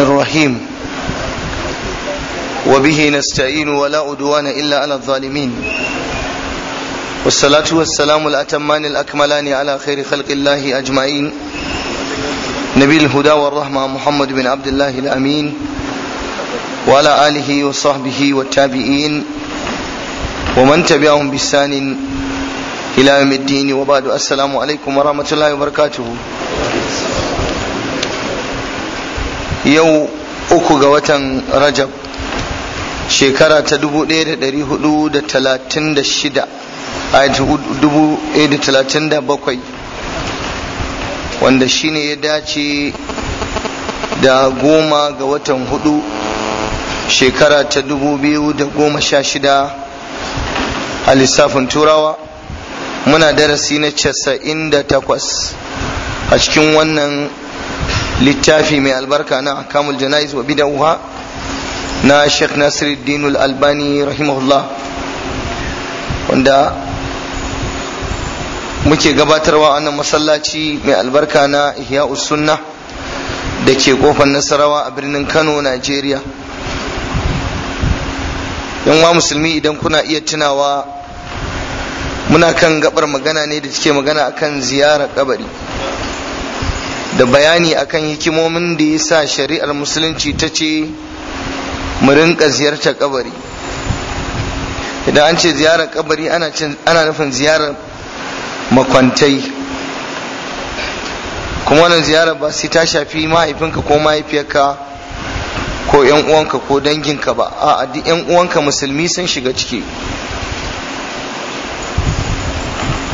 الرحمن الرحيم وبه نستعين ولا أدوان إلا على الظالمين والصلاة والسلام الأتمان الأكملان على خير خلق الله أجمعين نبي الهدى والرحمة محمد بن عبد الله الأمين وعلى آله وصحبه والتابعين ومن تبعهم بسان إلى يوم الدين وبعد السلام عليكم ورحمة الله وبركاته yau uku ga watan rajab shekara ta 1436 a 1437 wanda shine ya dace da goma ga watan hudu shekara ta 2016 a lissafin turawa muna darasi na 98 a cikin wannan littafi mai albarka na kamul janais wa bid'aha na Sheikh Nasiruddin Al-Albani rahimahullah wanda muke gabatarwa a nan masallaci mai albarka na ihya Sunnah da ke kofar Nasarawa a birnin Kano Najeriya yanwa musulmi idan kuna iya tunawa muna kan gabar magana ne da take magana akan ziyarar kabari da bayani akan hikimomin da ya sa shari'ar musulunci ta ce mu ziyartar kabari idan an ce ziyarar kabari ana nufin ziyarar makwantai kuma wannan ziyarar ba sai ta shafi mahaifinka ko mahaifiyarka ko yan uwanka ko danginka ba a duk yan uwanka musulmi sun shiga ciki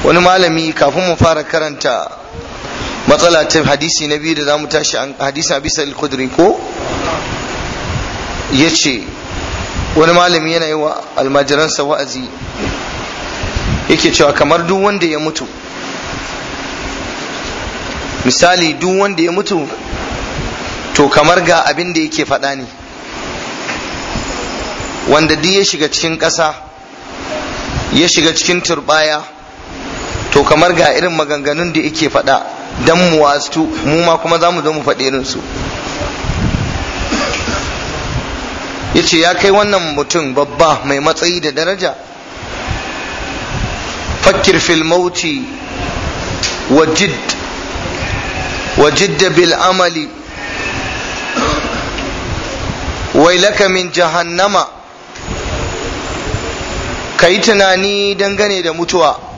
wani malami kafin mu fara karanta matsala ta hadisi na biyu da za mu tashi hadisi Abi Sa'id al ko yace wani malami yana yi wa almajiransa wa'azi yake cewa kamar duk wanda ya mutu misali duk wanda ya mutu to kamar ga abin da yake faɗa ne wanda duk ya shiga cikin ƙasa ya shiga cikin turbaya to kamar ga irin maganganun da yake faɗa dan mu wasu mu ma kuma za mu zo mu faɗi irin su ce ya kai wannan mutum babba mai matsayi da daraja Fakir fil mauti jidda bil amali wailaka min jahannama ka yi tunani dangane da mutuwa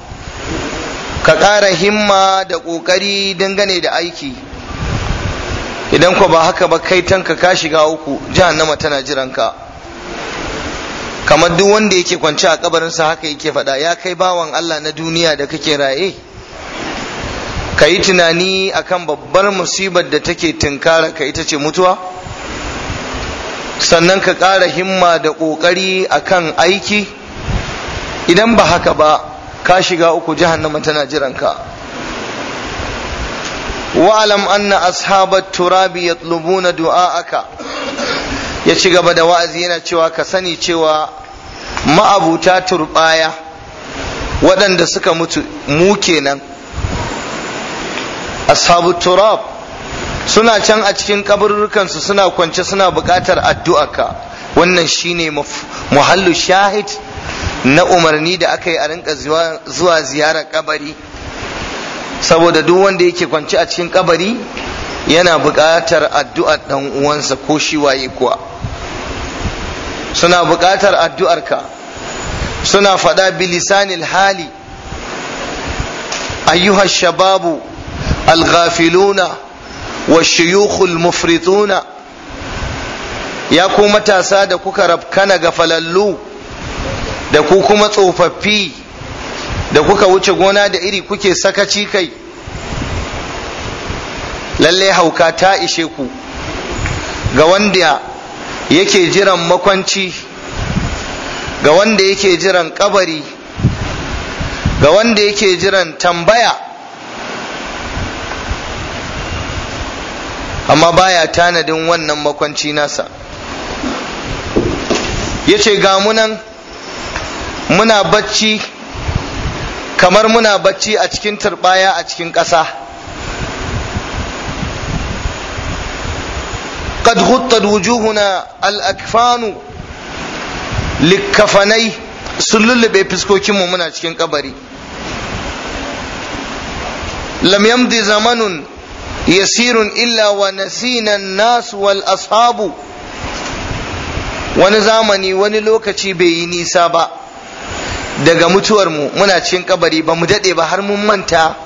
ka ƙara himma da ƙoƙari dangane da aiki idan ko ba haka ba kai tanka ka shiga uku jahannama tana jiranka kamar duk wanda yake kwance a kabarinsa haka yake faɗa ya kai bawan Allah na duniya da kake raye ka yi tunani a kan babbar musibar da take tinkara ka ita ce mutuwa sannan ka ƙara himma da ƙoƙari a kan aiki idan ba haka ba ka shiga uku jahannama tana jiranka wa'alam anna ashabat turabi yatlubuna du'a'aka ya ci gaba da wa'azi yana cewa ka sani cewa ma'abuta turbaya waɗanda suka mutu mu kenan ashabu turab suna can a cikin kaburrukansu suna kwance suna buƙatar addu'a ka. wannan shine muhallu shahid na umarni da aka yi a rinka zuwa ziyarar kabari saboda duk wanda yake kwanci a cikin kabari yana buƙatar addu'ar ɗan uwansa ko shi waye kuwa suna buƙatar addu'arka suna faɗa bilisanil hali ayyuhar shababu alghafiluna wa shiyukhul mufrituna ya ku matasa da kuka rabkana ga falallu da ku kuma tsofaffi da kuka wuce gona da iri kuke sakaci kai lalle hauka ta ishe ku ga wanda yake jiran makwanci ga wanda yake jiran kabari ga wanda yake jiran tambaya amma baya tanadin wannan makwanci nasa yace ce gamunan Muna bacci kamar muna bacci a cikin tarbaya a cikin ƙasa. Kadhurtar wujuhuna na al'adfanu likafanai su lullube fuskokinmu muna cikin ƙabari. Lamyamdi zamanun ya siru illawa nasinan wal ashabu Wani zamani wani lokaci bai yi nisa ba. daga mutuwar mu, muna cikin kabari ba mu daɗe ba har mun manta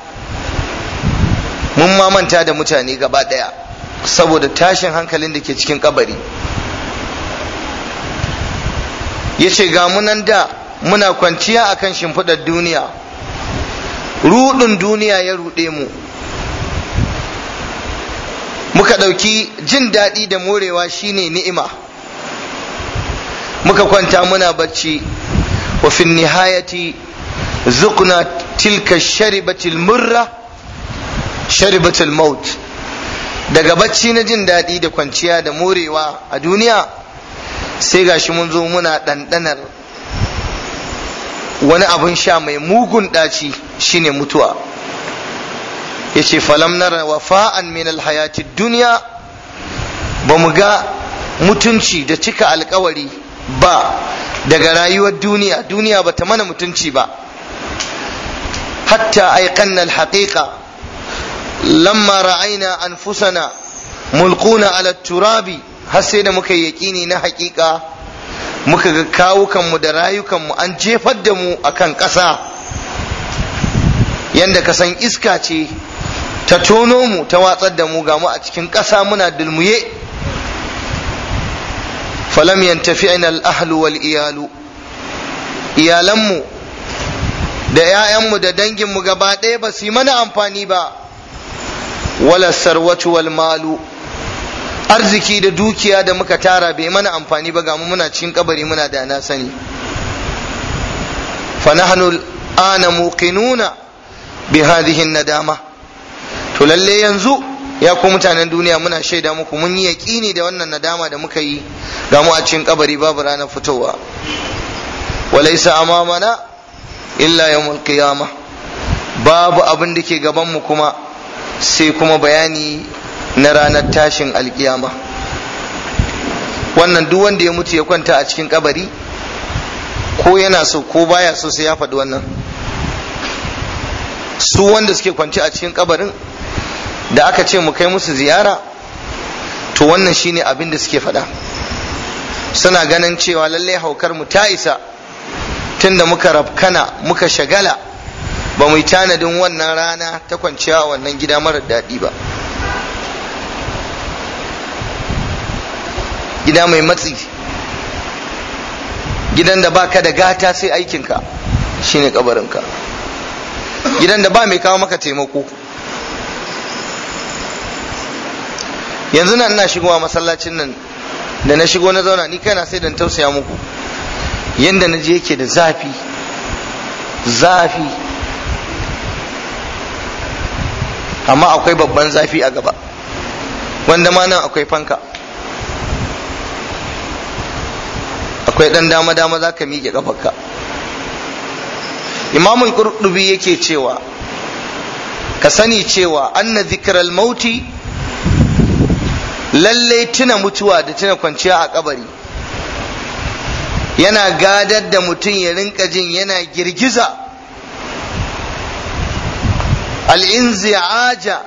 mun ma manta da mutane gaba ɗaya saboda tashin hankalin da ke cikin kabari ya ce ga munan da muna kwanciya a kan shimfiɗar duniya ruɗin duniya ya ruɗe mu muka ɗauki jin daɗi da morewa shine ni'ima muka kwanta muna barci. وفي النهاية ذقنا تلك الشربة المرة شربة الموت daga bacci na jin daɗi da kwanciya da morewa a duniya sai gashi mun zo muna ɗanɗanar wani abin sha mai mugun ɗaci shine mutuwa ya ce falam nara wafa'an min alhayati duniya ba mu ga mutunci da cika alkawari ba daga rayuwar duniya duniya ba ta mana mutunci ba hatta al haƙiƙa lamma ra'ayna anfusana mulquna ala turabi har sai da muka yaƙini na haƙiƙa muka ga kawukanmu da rayukanmu an jefar da mu akan ƙasa yanda ka san iska ce ta tono mu ta watsar da mu ga mu a cikin ƙasa muna dulmuye falam yantafi al al'ahalu wal iyalu iyalanmu da 'ya'yanmu da danginmu gaba ɗaya ba su yi mana amfani ba wala sarwatu wal malu arziki da dukiya da muka tara bai mana amfani ba ga muna cikin kabari muna da na sani fa nahnu ana muqinuna bi hadhihi nadama to lalle yanzu ya ku mutanen duniya muna shaida muku mun yi yaƙini da wannan nadama da muka yi ga mu a cikin kabari babu ranar fitowa walaisa amamana illa yawmul qiyamah babu abin da ke gaban mu kuma sai kuma bayani na ranar tashin alkiyama wannan duk wanda ya mutu ya kwanta a cikin kabari ko yana so ko baya so sai ya faɗi wannan su wanda suke kwanci a cikin kabarin da aka ce mu kai musu ziyara to wannan shine abin da suke faɗa suna ganin cewa lalle haukar mu ta isa tunda muka rafkana muka shagala ba mu yi tanadin wannan rana ta kwanciya wannan gida mara daɗi ba gida mai matsi gidan da baka da gata sai aikinka shine kabarinka gidan da ba mai kawo maka taimako yanzu nan ina shigowa masallacin nan da na shigo na zauna ni kaina sai dan tausaya muku yanda na je yake da zafi zafi amma akwai babban zafi a gaba wanda ma nan akwai fanka akwai dan dama dama za ka miƙe ƙafarka imamul qurtubi yake cewa ka sani cewa anna zikral mauti lallai tuna mutuwa da tuna kwanciya a kabari yana gadar da mutum ya rinka jin yana girgiza al'inzi'aja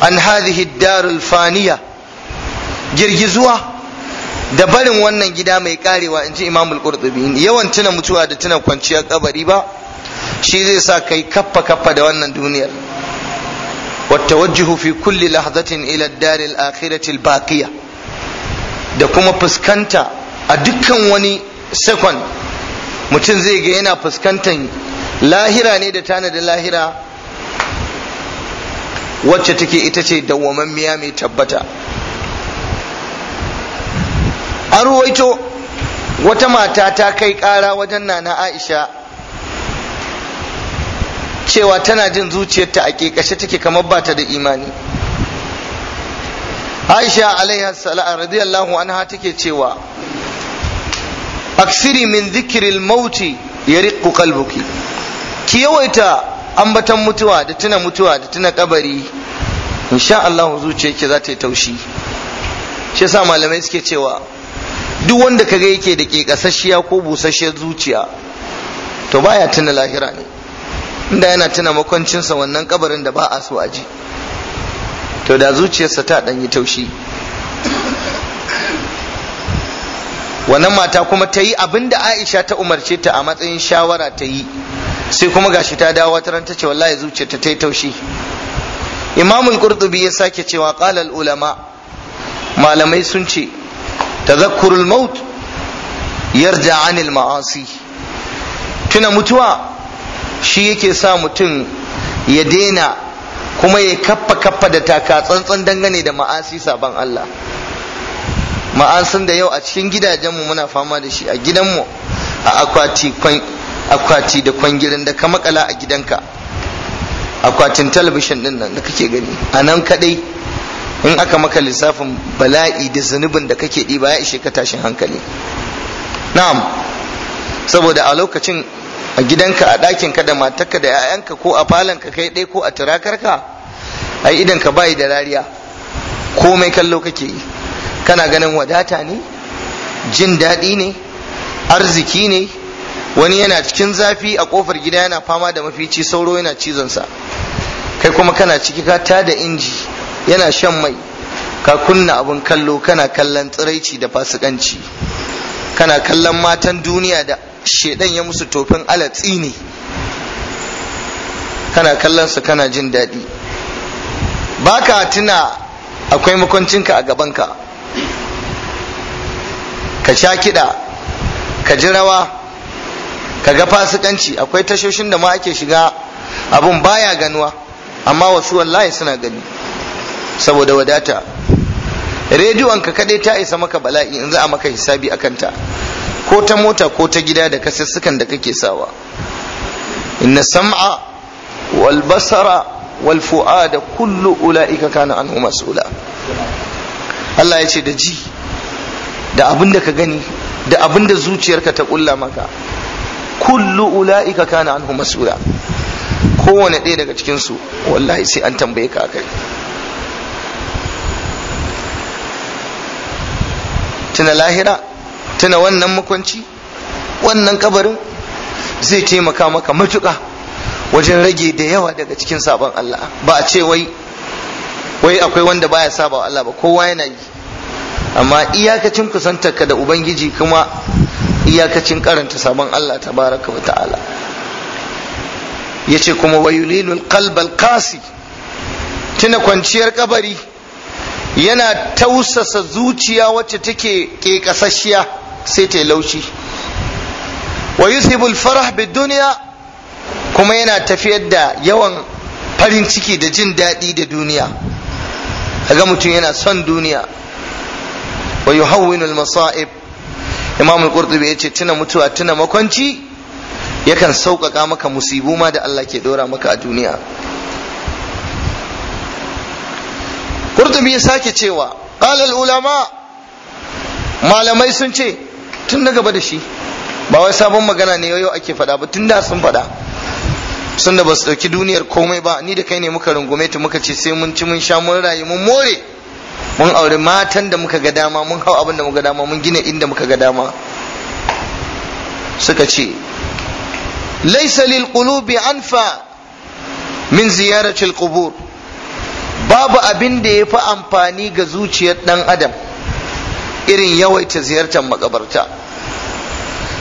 an hadhihi darul faniya girgizuwa da barin wannan gida mai karewa in ji imamul qurtubi yawan tuna mutuwa da tuna kwanciya kabari ba shi zai sa kai kaffa kaffa da wannan duniyar والتوجه في كل لحظة إلى الدار الآخرة الباقية da kuma fuskanta a dukkan wani sekon mutum zai ga yana fuskantan lahira ne da tanadin lahira wacce take ita ce dawwamammiya mai tabbata an ruwaito wata mata ta kai ƙara wajen nana aisha cewa tana jin zuciyarta a ƙeƙashe take kamar ba ta da imani aisha alaiha salam radiyallahu anha take cewa aksiri min zikirin mauti ya riƙu kalbuki ki yawaita ambatan mutuwa da tuna mutuwa da tuna kabari insha Allah zuciyarki za ta yi taushi shi yasa malamai suke cewa duk wanda ka ga yake da ke ko busashiyar zuciya to baya tuna lahira ne inda yana tuna makwancinsa wannan kabarin da ba a so a ji to da zuciyarsa ta ɗanyi taushi wannan mata kuma ta yi abin da aisha ta umarce ta a matsayin shawara ta yi sai kuma gashi ta dawo ta ran ta ce wallahi zuciyarta ta yi taushi imamul qurtubi ya sake cewa qalal ulama malamai sun ce tazakkurul maut yarja anil ma'asi tuna mutuwa shi yake sa mutum ya daina kuma ya kaffa kaffa da taka tsantsan dangane da ma'asi saban Allah ma'asin da yau a cikin gidajenmu muna fama da shi a gidanmu a akwati akwati da kwangirin da ka makala a gidanka akwatin talabishin din nan da kake gani a nan kadai in aka maka lissafin bala'i da zunubin da kake ɗiba ya ishe ka tashin hankali na'am saboda a lokacin a gidanka a ɗakinka da matarka da 'ya'yanka ko a falon ka kai ɗaya ko a turakarka ai idan ka bayi da rariya komai kallo kake yi kana ganin wadata ne jin daɗi ne arziki ne wani yana cikin zafi a ƙofar gida yana fama da mafici sauro yana cizon sa. kai kuma kana ciki ka ta da inji yana shan mai ka kunna abin kallo kana kallon tsiraici da fasikanci kana kallon matan duniya da shedan ya musu tofin alatsi ne kana kallon su kana jin daɗi Baka ka tuna akwai makwancinka a gabanka ka sha kiɗa ka ji rawa ka ga fasikanci akwai tashoshin da ma ake shiga abun baya ganuwa amma wasu wallahi suna gani saboda wadata rediyon ka kadai ta isa maka bala'i in za a maka hisabi akanta kanta. ko ta mota ko ta gida da kasassukan da kake sawa inna sam'a wal basara wal fu'ada kullu ula'ika kana anhu mas'ula Allah ya ce da ji da abin da ka gani da abin da zuciyarka ta kulla maka kullu ula'ika kana anhu mas'ula kowane ɗaya daga cikin su wallahi sai an tambaye ka kai. Tana lahira tuna wannan makwanci wannan kabarin zai taimaka maka matuka wajen rage da yawa daga cikin sabon Allah ba a ce wai wai akwai wanda baya saba wa Allah ba kowa yana yi amma iyakacin kusantarka da ubangiji kuma iyakacin karanta sabon Allah tabaraka wa ta'ala yace kuma wayulilul qalbal qasi tuna kwanciyar kabari yana tausasa zuciya wacce take kekasasshiya sai ta yi laushi wa yuthibul farah bid duniya kuma yana tafiyar da yawan farin ciki da jin daɗi da duniya kaga mutum yana son duniya wa yuhawwinu masa'ib imam qurtubi yace tuna mutuwa tuna makwanci yakan sauƙaƙa maka musibu ma da Allah ke dora maka a duniya qurtubi ya sake cewa qala al ulama malamai sun ce tun na gaba da shi ba wai sabon magana ne yau ake fada ba tun da sun faɗa sun da ba su ɗauki duniyar komai ba ni da kai ne muka rungume ta muka ce sai mun ci mun sha mun rayu mun more mun aure matan da muka ga dama mun hau abin da muka dama mun gina inda muka ga dama suka ce laysa lil qulubi anfa min ziyaratil qubur babu abin da yafi amfani ga zuciyar dan adam irin yawaita ziyartar makabarta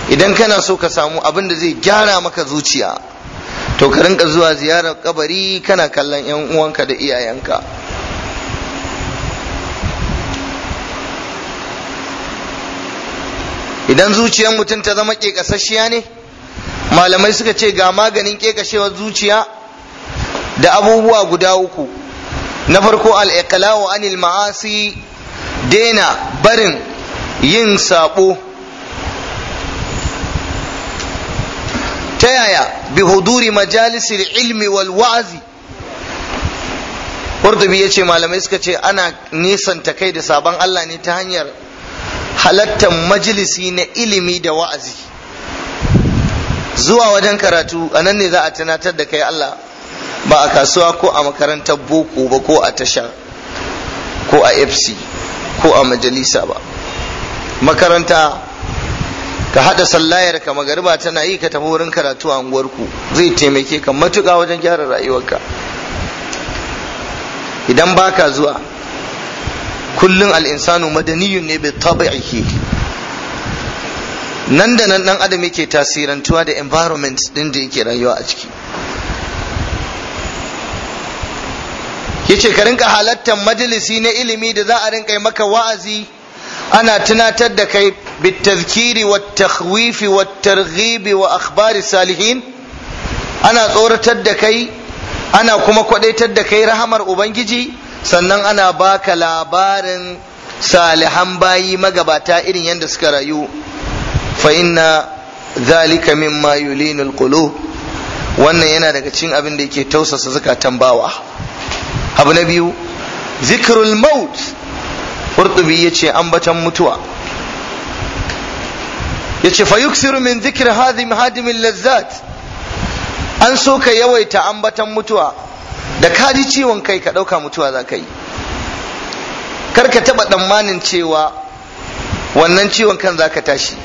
idan kana so ka samu abin da zai gyara maka zuciya to ka rinka zuwa ziyarar kabari kana kallon yan uwanka da iyayenka idan zuciyar mutum ta zama kekasasshiya ne malamai suka ce ga maganin kekashewar zuciya da abubuwa guda uku na farko al-iqla'u anil ma'asi daina barin yin sabo ta yaya bi huduri majalisir ilmi wal wa'azi Qurtubi ya ce malamai suka ce ana nisanta kai da sabon Allah ne ta hanyar halattar majalisi na ilimi da wa'azi zuwa wajen karatu a nan ne za a tunatar da kai Allah ba a kasuwa ko a makarantar boko ba ko a tasha ko a fc ko a majalisa ba makaranta ka haɗa sallayar ka magariba tana yi ka tafi wurin karatu a unguwarku zai taimake ka matuƙa wajen gyara rayuwarka idan ba ka zuwa kullum al'insanu madaniyun ne bai tabi'ihi nan da nan ɗan adam yake tasirantuwa da environment ɗin da yake rayuwa a ciki yace ka rinka halattar majalisi na ilimi da za a rinka maka wa'azi ana tunatar da kai bitazkiri wa takhwifi wa targhibi wa akhbari salihin ana tsoratar da kai ana kuma kwadaitar da kai rahamar ubangiji sannan ana baka labarin salihan bayi magabata irin yadda suka rayu fa inna zalika mimma yulinul qulub wannan yana daga cikin abin da yake tausasa zakatan bawa abu na biyu zikirul maut qurtubi yace ambatan mutuwa yace fa fayuk min zikir hadim hadimin lazzat an so ka yawaita ambatan mutuwa da kaji ciwon kai ka ɗauka mutuwa za ka yi kar ka tsammanin cewa wannan ciwon kan za ka tashi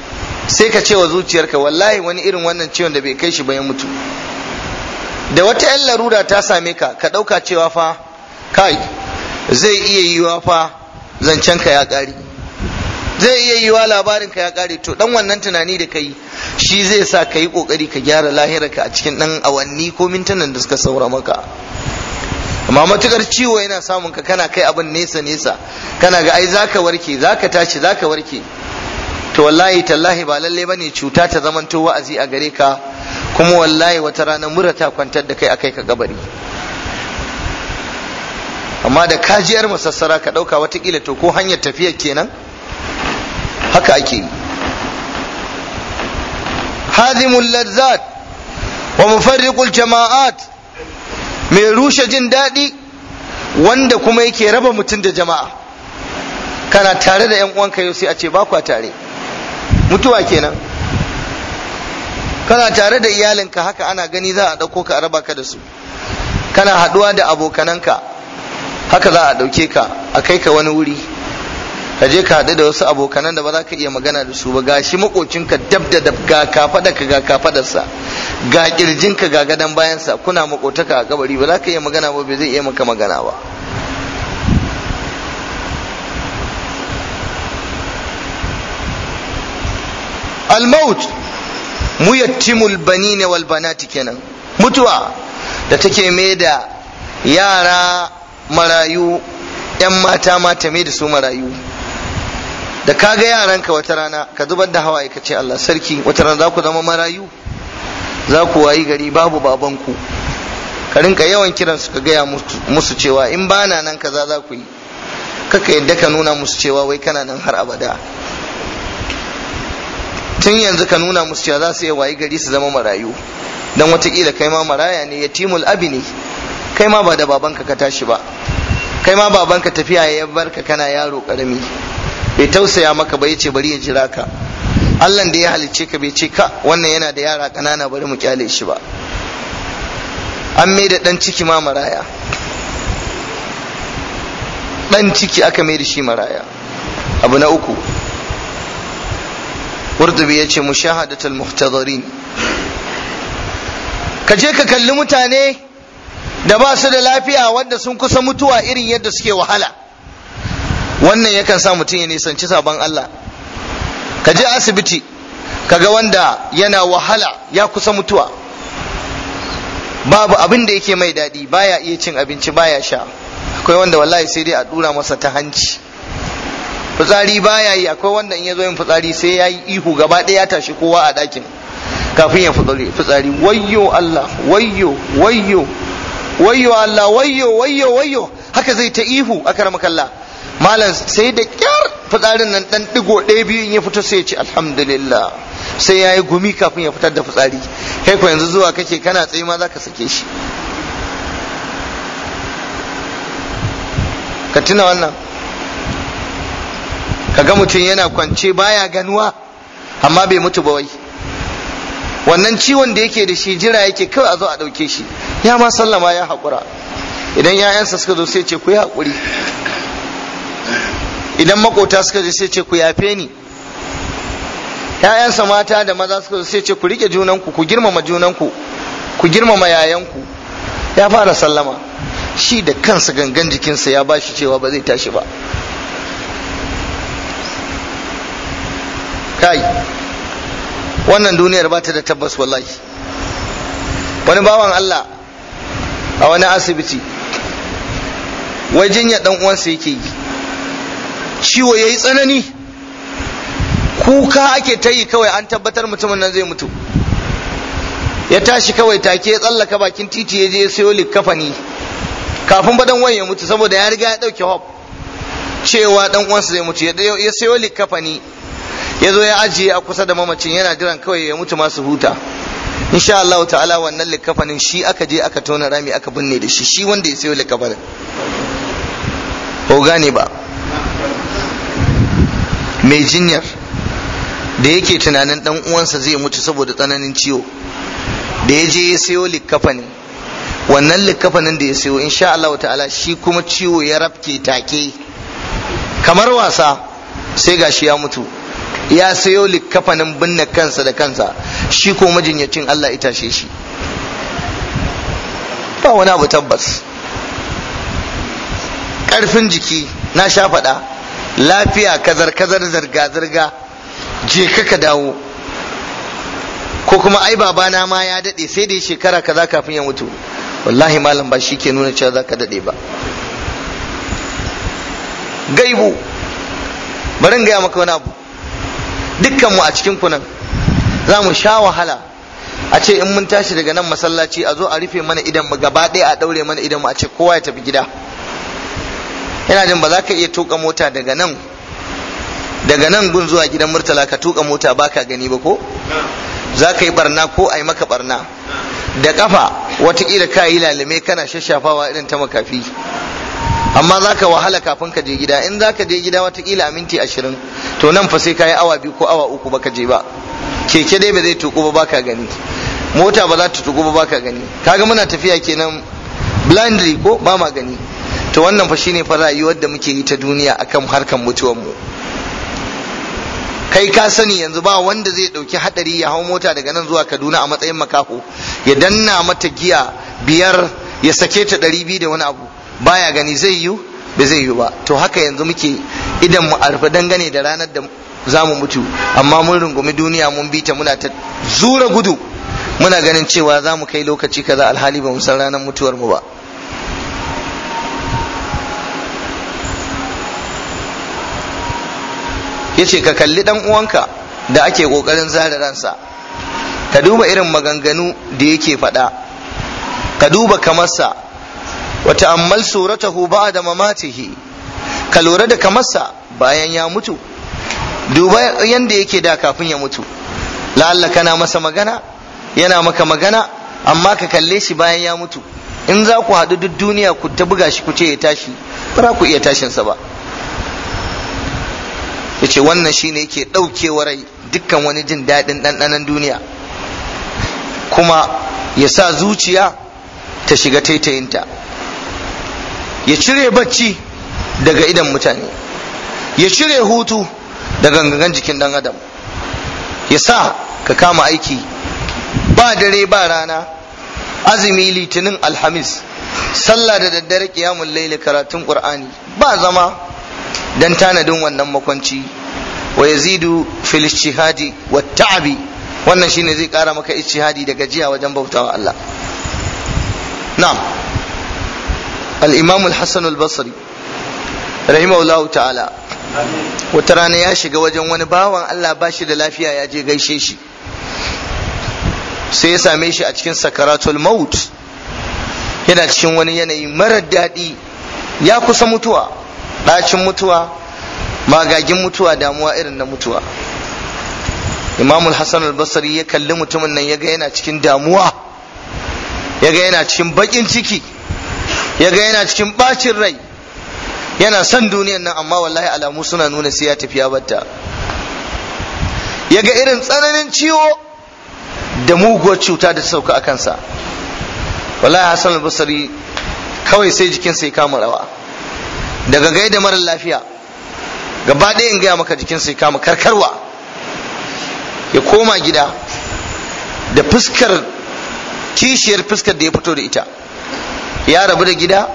sai ka cewa zuciyarka wallahi wani irin wannan ciwon da bai kai shi ba ya mutu da wata 'yan larura ta same ka ka ɗauka cewa fa kai zai iya yiwa fa zancen ka ya ƙare zai iya yiwa labarin ka ya ƙare to dan wannan tunani da kai shi zai sa ka yi ƙoƙari ka gyara lahirarka a cikin ɗan awanni ko mintunan da suka saura maka amma matukar ciwo yana samun ka kana kai abin nesa nesa kana ga ai zaka warke zaka tashi zaka warke to wallahi tallahi ba lalle bane cuta ta zamanto wa'azi a gare ka kuma wallahi wata rana mura ta kwantar da kai akai ka gabari amma da kajiyar masassara ka ɗauka watakila to ko hanyar tafiya kenan haka ake yi hazimul lazzat wa mufarriqul jama'at mai rushe jin daɗi wanda kuma yake raba mutum da jama'a kana tare da 'yan uwanka yau sai a ce ba kwa tare mutuwa kenan kana tare da iyalinka haka ana gani za a ɗauko ka a raba ka da su kana haɗuwa da abokananka haka za a ɗauke ka a kai ka wani wuri ka je ka haɗu da wasu abokanan da ba za ka iya magana da su ba ga shi ka dab da dab ga kafada ka ga kafadarsa ga kirjinka ga gadon bayansa kuna makotaka a kabari ba za ka iya magana ba bai zai iya maka magana ba الموت ميتم wal والبنات kenan mutuwa da take mai da yara marayu 'yan mata mata mai da su marayu da ka ga yaranka wata rana ka zubar da hawaye ka ce Allah sarki wata rana za ku zama marayu za ku wayi gari babu babanku ka rinka yawan kiran su ka gaya musu cewa in ba na nan kaza za ku yi kaka yadda ka nuna musu cewa wai kana nan har abada tun yanzu ka nuna musu cewa za su iya wayi gari su zama marayu dan watakila kai ma maraya ne yatimul abi ne kai ma ba da babanka ka tashi ba kai ma babanka tafiya ya barka kana yaro karami bai tausaya maka ba yace bari ya jira ka Allah da ya halicce ka bai ce ka wannan yana da yara kanana bari mu kyale shi ba an mai da dan ciki ma maraya Dan ciki aka mai da shi maraya abu na uku Qurtubi yace ce mushahadatul muhtadirin ka je ka kalli mutane da ba su da lafiya wanda sun kusa mutuwa irin yadda suke wahala wannan yakan sa mutum ya nisanci sabon Allah ka je asibiti kaga wanda yana wahala ya kusa mutuwa babu abin da yake mai daɗi baya iya cin abinci baya sha akwai wanda wallahi sai dai a dura masa ta hanci fitsari baya yi akwai wanda in ya zo yin fitsari sai ya yi ihu gaba ɗaya ya tashi kowa a ɗakin kafin ya fitsari wayyo Allah wayyo wayyo wayyo Allah wayyo wayyo wayyo haka zai ta ihu kalla. malam sai da kyar fitsarin nan dan digo ɗaya biyu in ya fito sai ya ce alhamdulillah sai ya yi gumi kafin ya fitar da fitsari kai ko yanzu zuwa kake kana tsaye ma za ka sake shi ka tuna wannan ka ga mutum yana kwance baya ganuwa amma bai mutu ba wai wannan ciwon da yake da shi jira yake kawai a zo a ɗauke shi ya ma sallama ya haƙura idan 'ya'yansa suka zo sai ce ku yi haƙuri idan makota suka zo sai ce ku yafe ni ‘ya'yansa mata da maza suka zo sai ce ku riƙe junanku ku girmama junanku ku girmama yayanku ya fara sallama shi da kansa gangan jikinsa ya bashi cewa ba zai tashi ba kai wannan duniyar ba ta da tabbas wallahi wani bawan Allah a wani asibiti wai jinya dan uwansa yake yi ciwo yayi tsanani kuka ake ta yi kawai an tabbatar mutumin nan zai mutu ya tashi kawai take ya tsallaka bakin titi ya je ya sayo likafani kafin badan wani ya mutu saboda ya riga ya dauke hop cewa dan uwansa zai mutu ya sayo likafani ya zo ya ajiye a kusa da mamacin yana jiran kawai ya mutu masu huta insha Allah ta'ala wannan likafanin shi aka je aka tona rami aka binne da shi shi wanda ya sayo likafanin ko gane ba mai jinyar da yake tunanin dan uwansa zai mutu saboda tsananin ciwo da ya je ya sayo likafanin wannan likafanin da ya sayo insha Allah ta'ala shi kuma ciwo ya rafke take kamar wasa sai gashi ya mutu ya sayo likkafanin binne kansa da kansa shi ko majinyacin Allah ita tashe shi ba wani abu tabbas ƙarfin jiki na sha faɗa lafiya kazar kazar zirga zirga je ka ka dawo ko kuma ai babana ma ya daɗe sai dai shekara kaza kafin ya mutu wallahi malam ba shi ke nuna cewa za ka daɗe ba gaibu bari gaya maka wani abu Dukkan mu a cikin kunan za mu sha wahala a ce in mun tashi daga nan masallaci a zo a rufe mana idan mu gaba ɗaya a ɗaure mana idan mu a ce kowa ya tafi gida ina jin ba za ka iya tuka mota daga nan daga nan gun zuwa gidan murtala ka tuka mota ba ka gani ba ko za ka yi barna ko a yi maka barna da kafa watakila ka yi lalime kana shashafawa irin ta makafi amma za ka wahala kafin ka je gida in za ka je gida watakila a minti ashirin to nan fa sai ka yi awa biyu ko awa uku baka je ba keke dai ba zai tuku ba baka gani mota ba za ta tuku ba baka gani kaga muna tafiya kenan blindly ko ba ma gani to wannan fa shine fa rayuwar da muke yi ta duniya akan harkan mutuwar mu kai ka sani yanzu ba wanda zai dauki hadari ya hau mota daga nan zuwa Kaduna a matsayin makaho ya danna mata giya biyar ya sake ta ɗari biyu da wani abu baya gani zai yiwu ba zai yiwu ba to haka yanzu muke idan mu arfa dangane da ranar da zamu mutu amma mun rungumi duniya mun bi ta muna ta zura gudu muna ganin cewa zamu kai lokaci kaza alhali ba mu san ranar mutuwar mu ba yace ka kalli dan uwanka da ake kokarin zare ransa ka duba irin maganganu da yake faɗa ka duba kamarsa wa ta'ammal suratahu ba'da mamatihi ka lura da kamarsa bayan ya mutu duba yanda yake da kafin ya mutu la'alla kana masa magana yana maka magana amma ka kalle shi bayan ya mutu in za ku haɗu duk duniya ku ta buga shi ku ce ya tashi ba ku iya tashinsa ba yace wannan shine yake ɗaukewa rai dukkan wani jin daɗin ɗanɗanon duniya kuma ya sa zuciya ta shiga taitayinta ya cire bacci daga idan mutane ya cire hutu daga gangan jikin dan adam ya sa ka kama aiki ba dare ba rana azumi litinin alhamis sallah da daddare kiyamun laili karatun qur'ani ba zama dan tanadin wannan makwanci wa yazidu fil ijtihadi wat ta'bi wannan shine zai kara maka ijtihadi da gajiya wajen bautawa Allah na'am al الحسن البصري رحمه الله basri rahimahullahu ta'ala wata rana ya shiga wajen wani bawan Allah ba shi da lafiya ya je gaishe shi sai ya same shi a cikin sakaratul maut yana cikin wani yanayi marar daɗi ya kusa mutuwa ɗacin mutuwa magagin mutuwa damuwa irin na mutuwa imamul hassan al-basri ya kalli mutumin nan ya yana cikin damuwa ya yana cikin baƙin ciki ya ga yana cikin bacin rai yana son duniyan nan amma wallahi alamu suna nuna sai ya tafi ya batta ya ga irin tsananin ciwo da muguwar cuta da sauka a kansa wallahi hassan al-basri kawai sai jikinsa ya kama rawa daga da marar lafiya gaba ɗaya in gaya maka jikinsa ya kama karkarwa ya koma gida da fuskar kishiyar fuskar da ya fito da ita ya rabu da gida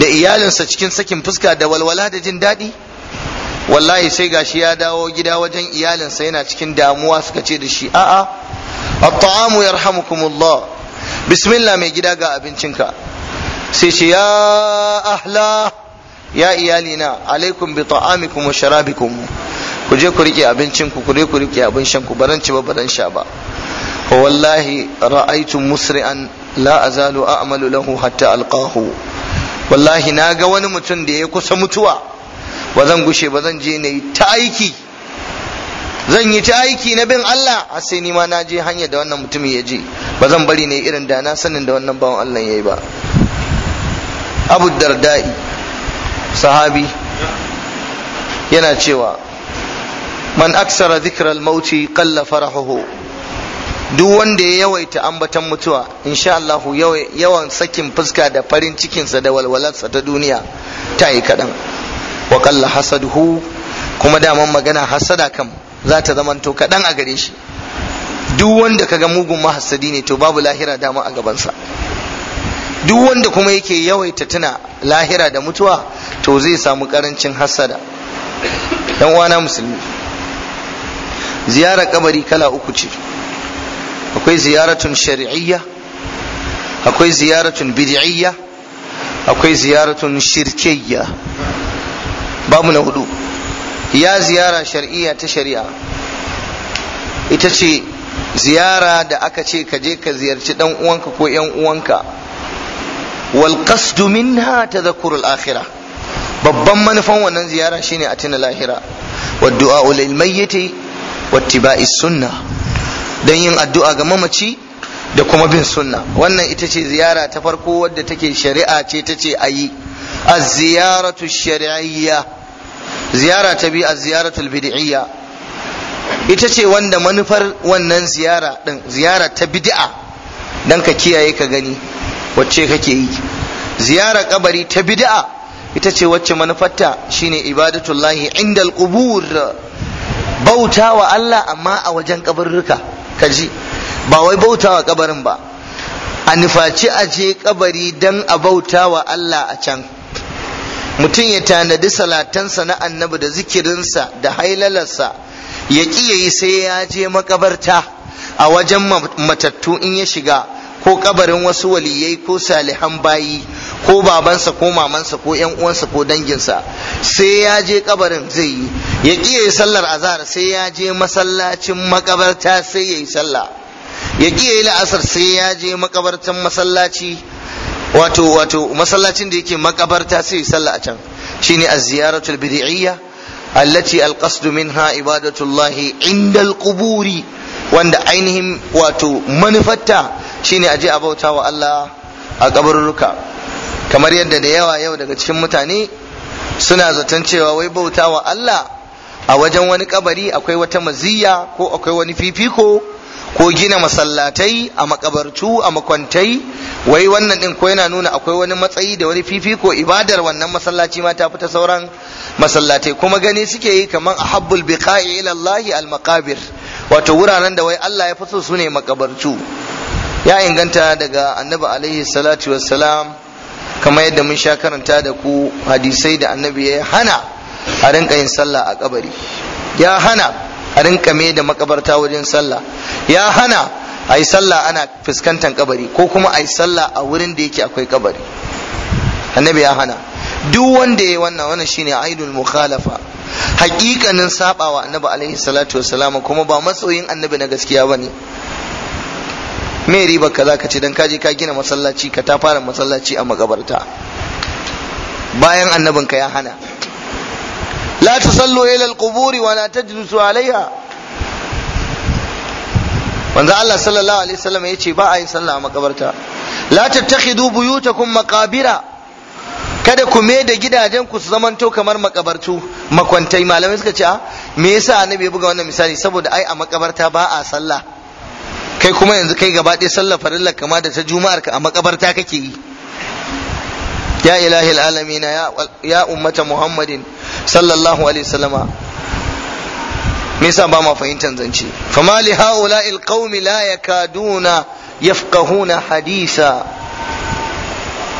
da iyalinsa cikin sakin fuska da walwala da jin daɗi wallahi sai gashi ya dawo gida wajen iyalinsa yana cikin damuwa suka ce da shi a'a at-ta'amu yarhamukumullah bismillah mai gida ga abincinka sai ce ya ahla ya iyalina alaikum bi ta'amikum wa sharabikum ku je ku rike abincinku ku je ku rike abin shanku baran ci ba baran sha ba wallahi ra'aytu musri'an la azalu a'malu lahu hatta alqahu wallahi na ga wani mutum da ya kusa mutuwa ba zan gushe ba zan je yi ta aiki zan yi ta aiki na bin Allah A sai ni ma na je hanya da wannan mutumin ya je ba zan bari ne irin da na sanin da wannan bawan Allah yi ba Abu Darda'i sahabi yana cewa man aksara zikiral mauti qalla farahuhu duk wanda ya yawaita ambatan mutuwa insha Allah yawan sakin fuska da farin cikinsa da walwalarsa ta duniya ta yi kaɗan wa kalla hasaduhu kuma daman magana hasada kam za ta zamanto kaɗan a gare shi duk wanda kaga mugun mahasadi ne to babu lahira dama a gabansa duk wanda kuma yake yawaita tuna lahira da mutuwa to zai samu karancin hasada dan uwana musulmi ziyarar kabari kala uku ce akwai ziyaratun shari'iyya akwai ziyaratun bid'iyya akwai ziyaratun shirkiyya babu na hudu ya ziyara shari'iyya ta shari'a ita ce ziyara da aka ce ka je ka ziyarci dan uwanka ko yan uwanka wal qasdu minha tadhakkur al babban manufan wannan ziyara shine a tuna lahira wa du'a lil mayyiti wa ittiba'i sunnah don yin addu'a ga mamaci da kuma bin sunna wannan ita ce ziyara ta farko wadda take shari'a ce ta ce a yi az-ziyaratu shari'iyya ziyara ta bi az-ziyaratu bid'iyya ita ce wanda manufar wannan ziyara din ziyara ta bid'a dan ka kiyaye ka gani wacce kake yi ziyara kabari ta bid'a ita ce wacce manufarta shine ibadatullahi indal qubur bautawa Allah amma a wajen kabarruka kaji ba wai bautawa kabarin ba a nufaci a je kabari don a bauta wa Allah a can mutum ya tanadi salatansa na annabi da zikirinsa da hailalarsa ya yi sai ya je makabarta a wajen matattu in ya shiga ko kabarin wasu waliyai ko salihan bayi ko babansa ko mamansa ko yan uwansa ko danginsa sai ya je kabarin zai yi ya ƙi sallar azhar sai ya je masallacin makabarta sai ya yi sallah ya ƙi la'asar sai ya je makabartan masallaci wato wato masallacin da yake makabarta sai ya sallah a can shine az-ziyaratul bid'iyya allati al-qasdu minha ibadatullahi inda al wanda ainihin wato manufarta shine aje a wa Allah a kabarurruka kamar yadda da yawa yau daga cikin mutane suna zaton cewa wai bauta wa Allah a wajen wani kabari akwai wata maziya, ko akwai wani fifiko ko gina masallatai a makabartu a makwantai wai wannan din ko yana nuna akwai wani matsayi da wani fifiko ibadar wannan masallaci ma ta fita sauran masallatai kuma gani suke yi kaman ahabbul biqa'i ila Allah al maqabir wato wuraren da wai Allah ya fi so su ne makabartu ya inganta daga annabi alaihi salatu wassalam kamar yadda mun sha karanta da ku hadisai da annabi ya hana a rinka yin sallah a kabari ya hana a rinka me da makabarta wajen sallah ya hana a yi sallah ana fuskantar kabari ko kuma a yi sallah a wurin da yake akwai kabari annabi ya hana duk wanda ya wannan wannan shine aidul mukhalafa hakikanin sabawa annabi alaihi salatu wasalam kuma ba masoyin annabi na gaskiya bane me riba ka za ka ce ka kaje ka gina masallaci ka ta fara masallaci a makabarta bayan annabin ka ya hana la tusallu ila alquburi wa la tajlisu alaiha wanda Allah sallallahu alaihi wasallam yace ba a yin sallah a makabarta la tattakhidu buyutakum maqabira kada ku me da gidajen ku su zamanto kamar makabartu makwantai malamai suka ce a ah, me yasa annabi ya buga wannan misali saboda ai a makabarta ba a sallah kai kuma yanzu kai gaba ɗaya sallar farillar kama da ta juma'ar ka a makabarta kake yi ya ilahi alamina ya ummata muhammadin sallallahu alaihi wasallama me yasa ba ma fahimtar zance fama li haula qaumi la yakaduna yafqahuna hadisa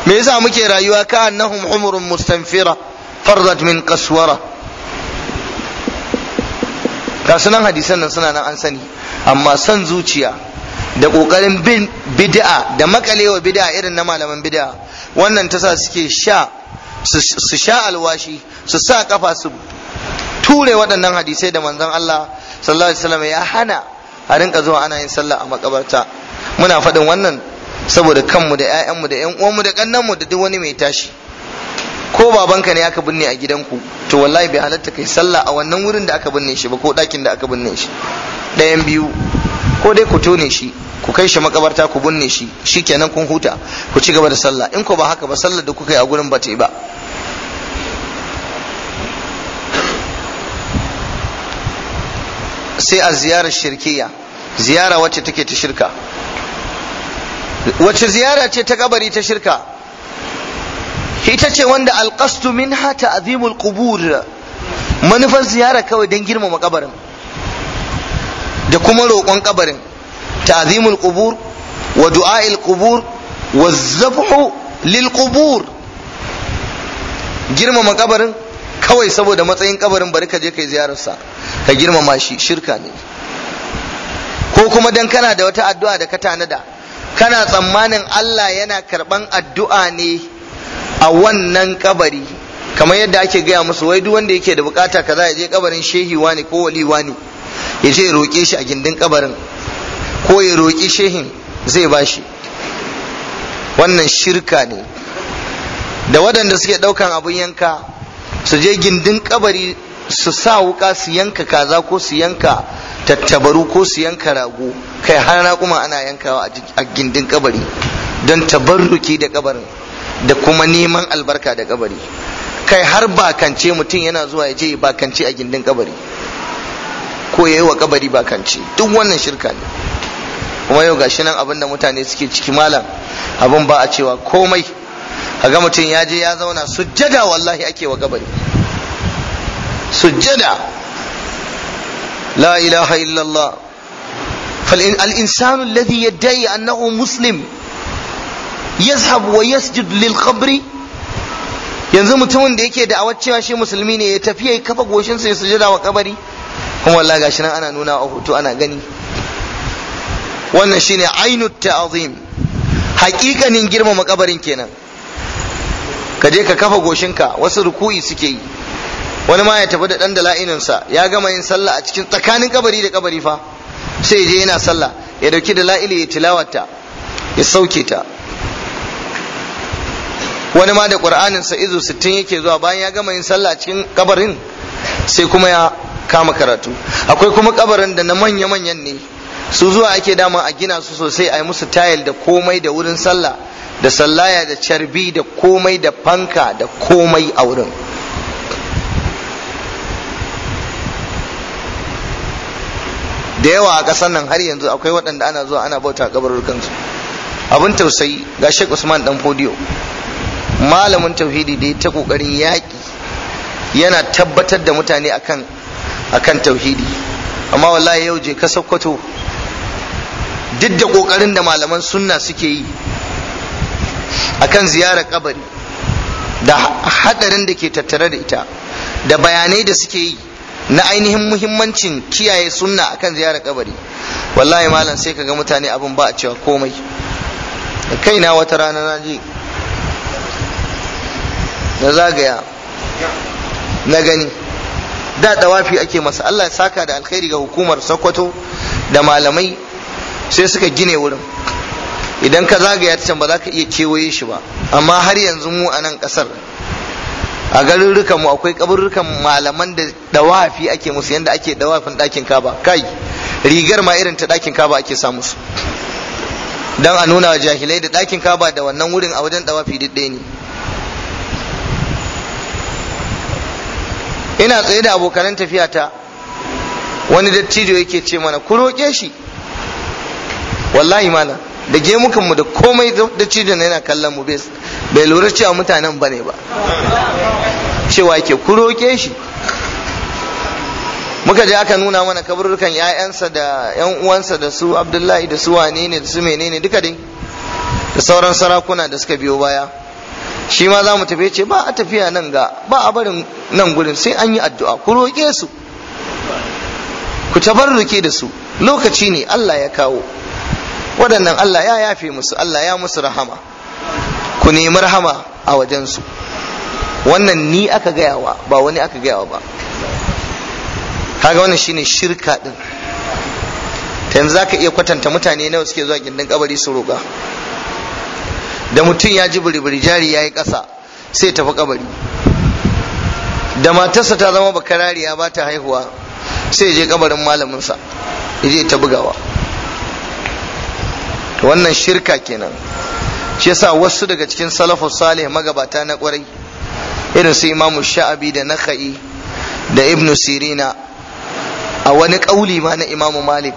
me yasa muke rayuwa ka annahum umrun mustanfira farrat min qaswara ga sunan hadisan nan suna nan an sani amma san zuciya da kokarin bin bid'a da makalewa bid'a irin na malaman bid'a wannan tasa suke sha su sha alwashi su sa kafa su ture waɗannan hadisai da manzon Allah sallallahu alaihi wasallam ya hana a rinka zuwa ana yin sallah a makabarta muna faɗin wannan saboda kanmu da 'ya'yanmu da 'yan uwanmu da kannanmu da duk wani mai tashi ko babanka ne aka binne a gidanku to wallahi bai halatta kai sallah a wannan wurin da aka binne shi ba ko ɗakin da aka binne shi ɗayan biyu ko dai ku tone shi ku kai shi makabarta ku binne shi shikenan kun huta ku ci gaba da sallah in ko ba haka ba sallar da kuka yi a gurin ba ta yi ba sai a ziyarar shirkiya ziyara wacce take ta shirka wacce ziyara ce ta kabari ta shirka ita ce wanda alqastu minha ta'zimul qubur manufar ziyara kawai don girmama kabarin da kuma roƙon kabarin ta'zimul qubur wa du'a'il qubur wa zabhu lil qubur girmama kabarin kawai saboda matsayin kabarin bari ka je kai ziyararsa ka girmama shi shirka ne ko kuma dan kana da wata addu'a da ka tanada kana tsammanin Allah yana karɓan addu'a ne a wannan kabari kamar yadda ake gaya musu wai duk wanda yake da bukata kaza ya je kabarin shehi wani ko wali wani ya je ya roƙe shi a gindin kabarin ko ya roƙi shehin zai bashi wannan shirka ne da waɗanda suke ɗaukan abin yanka su je gindin kabari su sa wuka su yanka kaza ko su yanka tattabaru ko su yanka rago kai har na kuma ana yankawa a gindin kabari don tabarruki da kabarin da kuma neman albarka da kabari kai har bakance mutum yana zuwa ya je bakance a gindin kabari ko ya yi wa kabari bakance duk wannan shirka ne kuma yau gashi nan abin da mutane suke ciki malam abin ba a cewa komai A ga mutum ya je ya zauna sujjada wallahi ake wa kabari sujjada la ilaha illallah فالإنسان الذي يدعي annahu مسلم yazhab wa yasjud lil qabri yanzu mutumin da yake da awar cewa shi musulmi ne ya tafi yayi kafa goshin sa ya sujada wa kabari kuma wallahi gashi nan ana nuna a hoto ana gani wannan shine ainu ta'zim haƙiƙanin girmama kabarin kenan ka je ka kafa goshin ka wasu ruku'i suke yi wani ma ya tafi da dan sa ya gama yin sallah a cikin tsakanin kabari da kabari fa sai je yana sallah ya dauki dala'ili ya tilawata ya sauke ta wani ma da ƙuranin sa izu sittin yake zuwa bayan ya gama yin sallah cikin kabarin sai kuma ya kama karatu akwai kuma kabarin da na manya manyan ne su zuwa ake dama a gina su sosai a yi musu tayil da komai da wurin sallah da sallaya da carbi da komai da fanka da komai a wurin da yawa a ƙasar nan har yanzu akwai waɗanda ana zuwa ana bauta kabarurkansu abin tausayi ga Sheikh Usman dan Fodiyo malamin tauhidi da ya ta kokarin yaƙi yana tabbatar da mutane akan kan tauhidi amma wallahi yau je ka sokoto duk da kokarin da malaman sunna suke yi akan ziyarar kabari da hadarin da ke tattare da ita da bayanai da suke yi na ainihin muhimmancin kiyaye sunna akan ziyarar kabari wallahi malam sai ka ga mutane abin ba a cewa komai kaina wata rana na je na zagaya na gani da dawafi ake masa Allah ya saka da alkhairi ga hukumar Sokoto da malamai sai suka gine wurin idan ka zagaya ta can ba za ka iya kewaye shi ba amma har yanzu mu a nan kasar a garurrukan mu akwai kaburrukan malaman da dawafi ake musu yanda ake dawafin dakin kaba kai rigar ma irin ta dakin kaba ake samu su dan a nuna wa jahilai da dakin kaba da wannan wurin a wajen dawafi duk ne ina tsaye da abokanan tafiya ta wani dattijo yake ce mana ku roƙe shi wallahi malam da gemukanmu da komai dattijon yana kallon mu bai lura cewa mutanen bane ba cewa ke ku roƙe shi muka je aka nuna mana kaburukan 'ya'yansa da yan uwansa da su abdullahi da su wane ne da su menene duka dai da sauran sarakuna da suka biyo baya shi ma za mu tafi ce ba a tafiya nan ga ba a barin nan gurin sai an yi addu'a ku roƙe su ku tabarruke da su lokaci ne Allah ya kawo waɗannan Allah ya yafe musu Allah ya musu rahama ku nemi rahama a wajensu wannan ni aka gayawa ba wani aka gayawa ba kaga wannan shine shirka din ta yanzu zaka iya kwatanta mutane nawa suke zuwa gindin kabari su roƙa da mutum ya ji buri-buri jari ya yi ƙasa sai tafi kabari da matarsa ta zama bakarariya ba ta haihuwa sai je kabarin malaminsa je ta bugawa wannan shirka kenan shi yasa wasu daga cikin salafus salih magabata na kwarai irin su imamu sha'abi da naka'i da ibnu sirina a wani kauli ma na imamu malik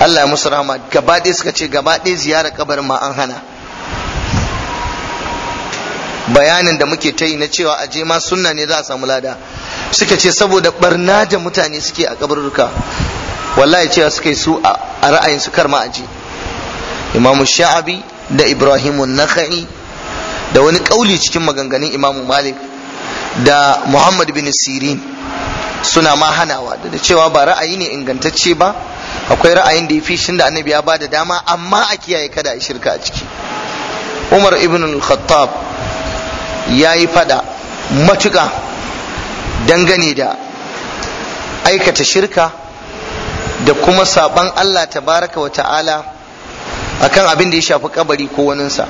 allah ya musu rahama gaba ɗaya suka ce gaba ɗaya ziyara kabarin ma an hana bayanin da muke ta yi na cewa a je ma sunna ne za a samu lada suka ce saboda barna da mutane suke a kabarurka wallahi cewa suka yi su a ra'ayin su kar ma aji imamu sha'abi da ibrahimu nakhai da wani kauli cikin maganganun imamu malik da muhammad bin sirin suna ma hanawa da cewa ba ra'ayi ne ingantacce ba akwai ra'ayin da ya fi shin da annabi ya da dama amma a kiyaye kada a shirka a ciki umar ibn al-khattab ya yi fada matuƙa dangane da aikata shirka da kuma saban Allah tabaraka wa ta'ala akan abin da ya shafi kabari ko waninsa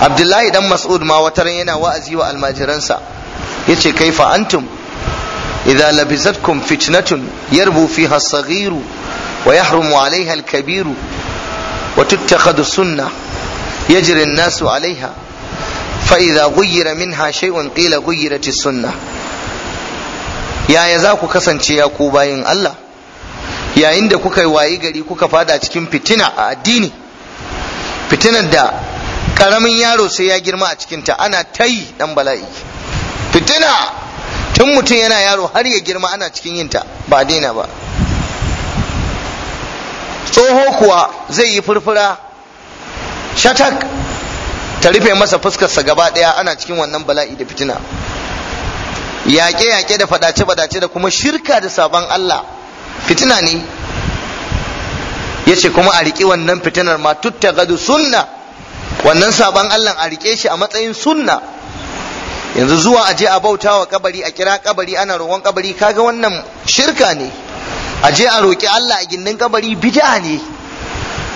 abdullahi dan mas'ud ma wata yana wa'azi wa almajiransa yace kaifa antum idza labizatkum fitnatun yarbu fiha as-saghiru wa yahrumu 'alayha al-kabiru wa tuttakhadhu sunnah yajri an-nasu 'alayha fa idza ghayyira minha shay'un qila ghayyirat sunnah yaya za ku kasance ya ku bayin Allah yayin da kuka wayi gari kuka fada cikin fitina a addini fitinar da karamin yaro sai ya girma a cikinta ana tayi dan bala'i fitina tun mutum yana yaro har ya girma ana cikin yinta ba daina ba tsoho kuwa zai yi furfura shatak ta rufe masa fuskarsa gaba ɗaya ana cikin wannan bala'i da fitina yaƙe-yaƙe da faɗace-faɗace da kuma shirka da sabon Allah fitina ne ya kuma a riƙe wannan fitinar ma tutta gadu sunna wannan sabon Allah a riƙe shi a matsayin sunna yanzu zuwa a je a bauta wa kabari a kira kabari ana roƙon kabari kaga wannan shirka ne a je a roƙi Allah a gindin kabari bid'a ne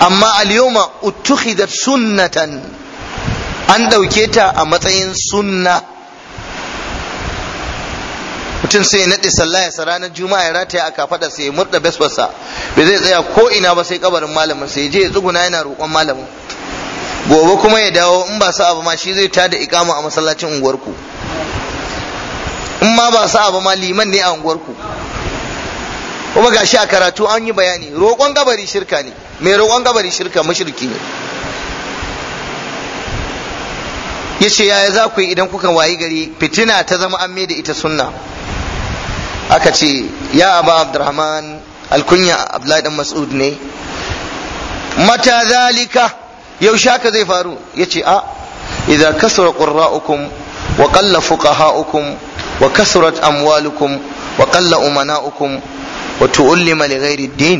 amma al-yawma uttukhidat sunnatan an ɗauke ta a matsayin sunna mutum sai ya naɗe sallah ya ranar juma'a ya rataya a kafaɗa sai ya murda besbasa bai zai tsaya ko ina ba sai kabarin malamin sai je ya tsuguna yana roƙon malamin gobe kuma ya dawo in ba sa abu ma shi zai tada ikama a masallacin unguwarku in ma ba sa abu ma liman ne a unguwarku kuma gashi a karatu an yi bayani roƙon gabari shirka ne mai roƙon gabari shirka mashirki ne yace yaya za ku yi idan kuka wayi gari fitina ta zama an da ita sunna aka ce ya aba abdurrahman alkunya abdullahi dan mas'ud ne mata zalika yaushe haka zai faru yace a idza kasura qurra'ukum wa qalla fuqaha'ukum wa kasurat amwalukum wa qalla umana'ukum wa tu'allima li ghairi din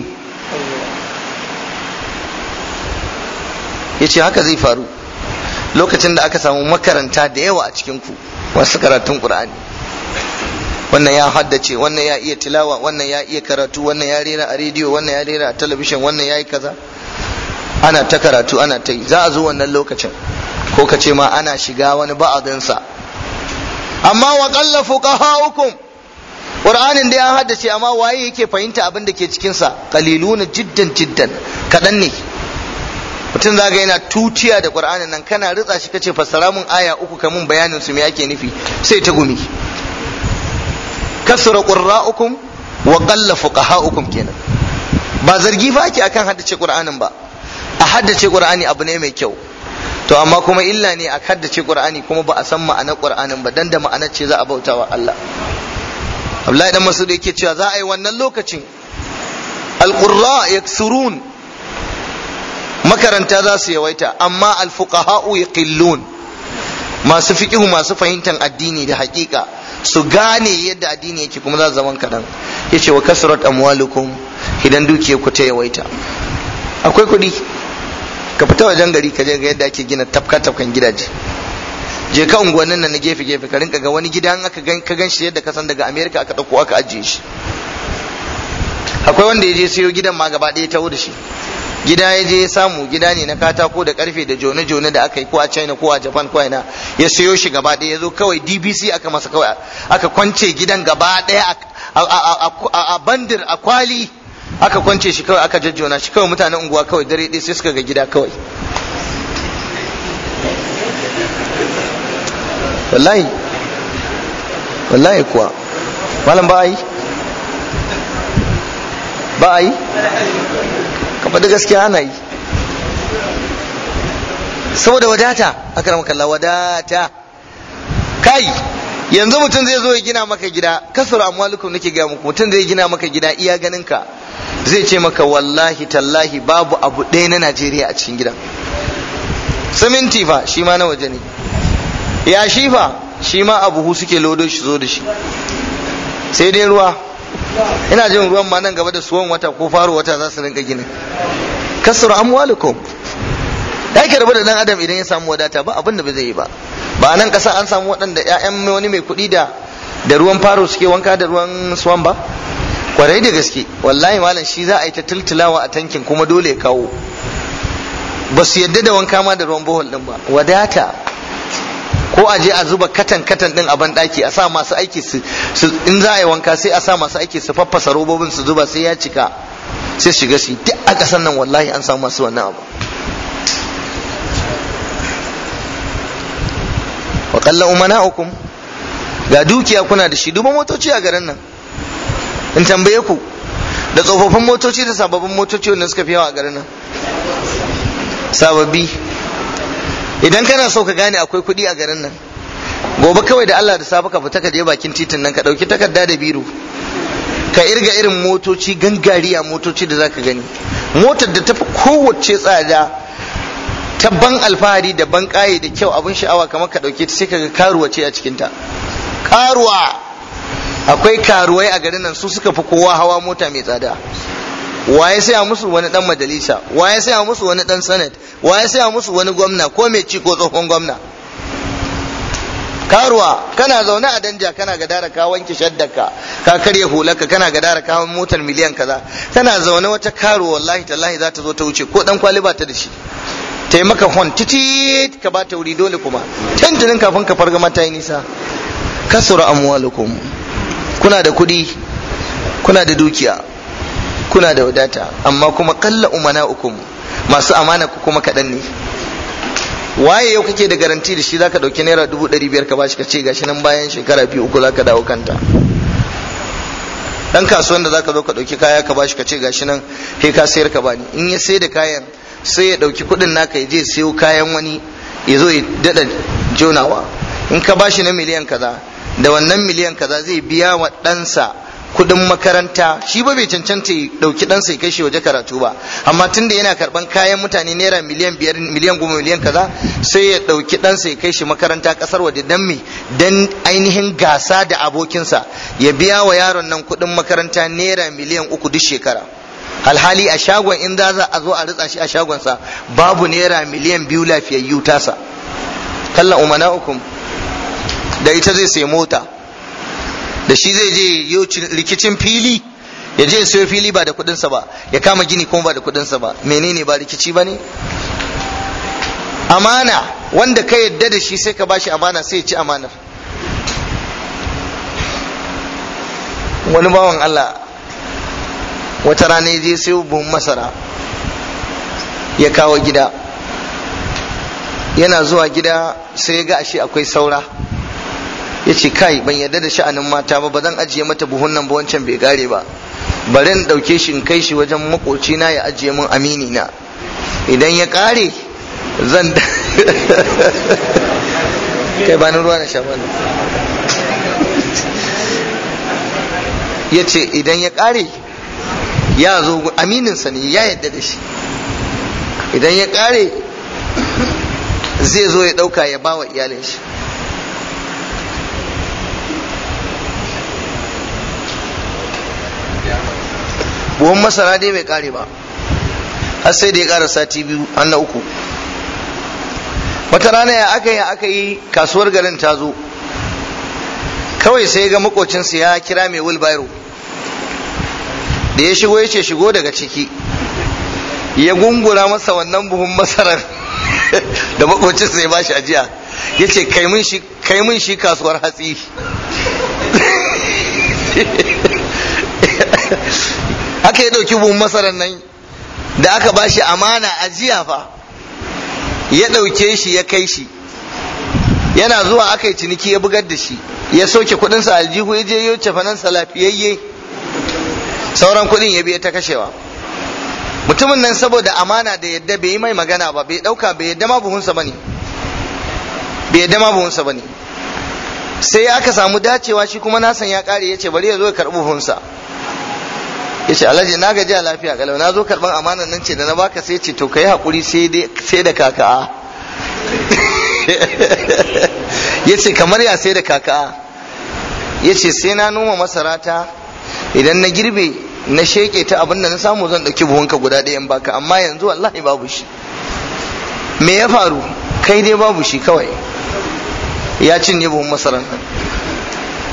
yace haka zai faru lokacin da aka samu makaranta da yawa a cikin ku wasu karatun qur'ani wannan ya haddace wannan ya iya tilawa wannan ya iya karatu wannan ya rera a rediyo wannan ya rera a talabishin wannan ya yi kaza ana ta karatu ana ta yi za a zo wannan lokacin ko ka ce ma ana shiga wani ba'adinsa amma wa qalla fuqaha'ukum qur'anin da ya haddace amma waye yake fahimta abin da ke cikin sa qaliluna jiddan jiddan kadan ne mutum za ga yana tutiya da ƙwar'ani nan kana ritsa shi kace fassara mun aya uku ka mun bayanin su me ake nufi sai ta gumi kasra qurra'ukum wa qalla fuqaha'ukum kenan ba zargi ba ake akan haddace ƙwar'anin ba a haddace ƙwar'ani abu ne mai kyau to amma kuma illa ne a haddace ƙwar'ani kuma ba a san ma'anar ƙwar'anin ba dan da ma'anar ce za a bauta wa Allah Abdullahi dan Masud yake cewa za a yi wannan lokacin al-qurra yaksurun makaranta za su yawaita amma alfuqaha'u yaqillun masu fiqihu masu fahimtar addini da haƙiƙa su gane yadda addini yake kuma za su zaman kadan yace wa kasrat amwalukum idan dukiyar ku ta yawaita akwai kuɗi ka fita wajen gari ka je ga yadda ake gina tafka tafkan gidaje je ka unguwannin nan na gefe gefe ka rinka ga wani gidan aka gan ka gan shi yadda ka san daga America aka dauko aka ajiye shi akwai wanda ya je sayo gidan ma gaba ɗaya ta da shi gida ya je ya samu gida ne na katako da karfe da jone-jone da aka yi ko a china ko a japan ko ina ya sayo shi gaba daya ya zo kawai dbc aka masa kawai aka kwance gidan gaba daya a bandir a kwali aka kwance shi kawai aka jajjona shi kawai mutanen unguwa kawai dare ɗaya sai suka ga gida kawai wallahi wallahi kuwa malam ba a yi ba a yi ka faɗi gaskiya ana yi saboda wadata aka rama kalla wadata kai yanzu mutum zai zo ya gina maka gida kasar lukun nake gaya muku mutum zai gina maka gida iya ganin ka zai ce maka wallahi tallahi babu abu ɗaya na Najeriya a cikin gidan siminti fa shi ma na waje ne yashi fa shi ma hu suke lodo shi zo da shi sai dai ruwa ina jin ruwan ma nan gaba da suwan wata ko faru wata za su rinka gini kasar amwalukum da yake rabu da dan adam idan ya samu wadata ba abin da ba zai yi ba ba nan kasa an samu waɗanda ƴaƴan wani mai kuɗi da da ruwan faro suke wanka da ruwan suwan ba kwarai da gaske wallahi malam shi za a yi ta tiltilawa a tankin kuma dole ya kawo ba su yadda da wanka ma da ruwan bohol din ba wadata ko a je a zuba katan katan din a ban daki a sa masu aiki su in za a yi wanka sai a sa masu aiki su faffasa robobin su zuba sai ya cika sai shiga shi, duk a kasan nan wallahi an samu masu wannan abu wa qalla umana'ukum ga dukiya kuna da shi duba motoci a garin nan in tambaye ku da tsofaffin motoci da sababbin motoci wanda suka fi yawa a garin nan sababbi idan kana so ka gane akwai kuɗi a garin nan gobe kawai da Allah da safe ka fita ka je bakin titin nan ka ɗauki takarda da biro ka irga irin motoci gangariya motoci da zaka gani motar da tafi kowace tsada ta ban alfahari da ban kaye da kyau abin sha'awa kamar ka ɗauke ta sai kaga karuwa ce a cikinta karuwa akwai karuwai a garin nan su suka fi kowa hawa mota mai tsada wa ya saya musu wani dan majalisa wa ya saya musu wani dan sanad wa ya saya musu wani gwamna ko mai ci ko tsohon gwamna karuwa kana zaune a danja kana gadara ka wanke shaddaka ka karya hularka kana gadara ka motar miliyan kaza kana zaune wata karuwa wallahi tallahi za ta zo ta wuce ko dan kwali ba ta da shi ta maka hon titi ka ba ta wuri dole kuma tantanin kafin ka farga mata yi nisa kasura amwalukum kuna da kuɗi kuna da dukiya kuna da wadata amma kuma kalla umana ukum masu amana ku kuma kaɗan ne waye yau kake da garanti da shi za ka dauki naira dubu ɗari biyar ka bashi ka ce gashi nan bayan shekara biyu uku za ka dawo kanta dan kasuwan da za ka zo ka dauki kaya ka bashi ka ce gashi nan he ka sayar ka bani in ya sai da kayan sai ya dauki kuɗin naka ya je sayo kayan wani ya zo ya daɗa jonawa in ka bashi na miliyan kaza da wannan miliyan kaza zai biya wa ɗansa kudin makaranta shi ba bai cancanta dauki ɗansa ya kai shi waje karatu ba amma tunda yana karban kayan mutane naira miliyan biyar miliyan goma miliyan kaza sai ya dauki ɗansa ya kai shi makaranta kasar waje dan me dan ainihin gasa da abokinsa ya biya wa yaron nan kudin makaranta naira miliyan uku duk shekara alhali a shagon in za a zo a ritsa shi a shagonsa babu naira miliyan biyu lafiyayyu tasa umana umana'ukum da ita zai sai mota da shi zai je yau rikicin fili ya je sayo fili ba da kudinsa ba ya kama gini kuma ba da kudinsa ba menene ba rikici ba ne amana wanda ka yadda da shi sai ka bashi amana sai ya ci amanar wani bawan Allah wata rana ya je sayo buhun masara ya kawo gida yana zuwa gida sai ya ga ashe akwai saura ya ce kai ban yarda da sha'anin mata ba ba zan ajiye mata buhun nan ba wancan bai gare ba bari in ɗauke shi in kai shi wajen makoci na ya ajiye min amini na idan ya ƙare zan kai ba ni ruwa na sha ya ce idan ya ƙare ya zo sa ne ya yarda da shi idan ya ƙare zai zo ya ɗauka ya ba wa iyalin shi Buhun masara dai bai kare ba har sai da ya kara sati biyu an na uku wata rana ya aka yi aka yi kasuwar garin ta zo kawai sai ga makocinsa ya kira mai wilbairo da ya shigo ya ce shigo daga ciki ya gungura masa wannan buhun masarar da makocinsa ya bashi ajiya ya ce kai shi kasuwar hatsi haka ya ɗauki buhun masarar nan da aka ba shi amana a jiya fa ya ɗauke shi ya kai shi yana zuwa aka yi ciniki ya bugar da shi ya soke kudinsa aljihu ya je ya cefanansa lafiyayye sauran kudin ya biya ta kashewa mutumin nan saboda amana da yadda bai yi mai magana ba bai dauka bai yadda ma buhunsa ne bai yadda ma buhunsa ne sai aka samu dacewa shi kuma nasan ya kare ya ce bari ya zo ya karbi buhunsa yace alhaji na gaji a lafiya galau na zo karban amanan nan ce da na baka sai ce to kai hakuri sai dai sai da kaka yace kamar ya sai da kaka yace sai na noma masara ta idan na girbe na sheke ta abinda na samu zan dauki buhunka guda ɗaya in baka amma yanzu wallahi babu shi me ya faru kai dai babu shi kawai ya cinye buhun masaran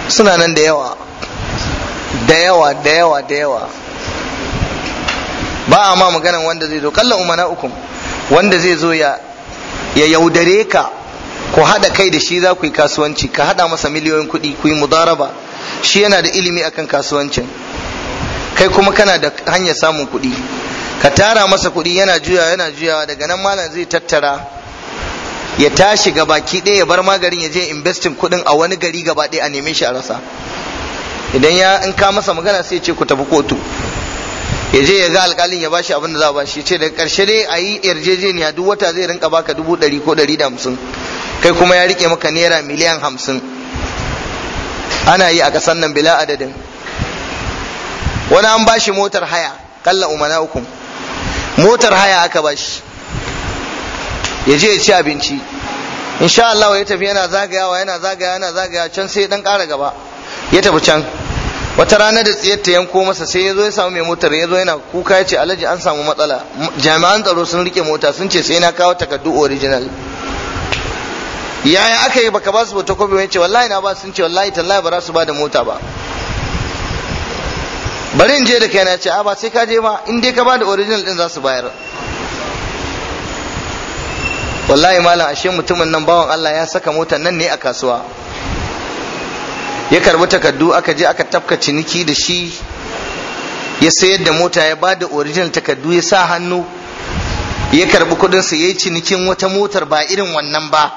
suna nan da yawa da yawa da yawa da yawa ba a ma maganan wanda zai zo kallon umana ukum wanda zai zo ya ya yaudare ka ko hada kai da shi za ku yi kasuwanci ka hada masa miliyoyin kuɗi ku yi mudaraba shi yana da ilimi akan kasuwancin kai kuma kana da hanyar samun kuɗi ka tara masa kuɗi yana juya yana juyawa daga nan malam zai tattara ya tashi ga baki ɗaya ya bar magarin ya je investin kuɗin a wani gari gaba ɗaya a neme shi a rasa idan ya in ka masa magana sai ya ce ku tafi kotu ya je ya ga alkalin ya bashi abin da za a bashi ce da karshe dai a yi yarjejeniya duk wata zai rinka baka dubu ɗari ko ɗari da hamsin kai kuma ya rike maka naira miliyan hamsin ana yi a ƙasan nan bila adadin wani an bashi motar haya kalla umana uku motar haya aka bashi ya je ya ci abinci insha Allah ya tafi yana zagayawa yana zagayawa yana zagayawa can sai dan ƙara gaba ya tafi can wata rana da tsayar ta yanko masa sai ya zo ya samu mai motar ya zo yana kuka ya ce alhaji an samu matsala jami'an tsaro sun rike mota sun ce sai na kawo takardu original yaya aka yi baka ba su photocopy wani ce wallahi na ba sun ce wallahi tallahi ba za su ba da mota ba bari in je da kai na ce a ba sai ka je ba in dai ka ba da original din za su bayar wallahi malam ashe mutumin nan bawan Allah ya saka motar nan ne a kasuwa ya karbi takardu aka je aka tafka ciniki da shi ya sayar da mota ya ba da original takardu ya sa hannu ya karbi kudin sa yayi cinikin wata motar ba irin wannan ba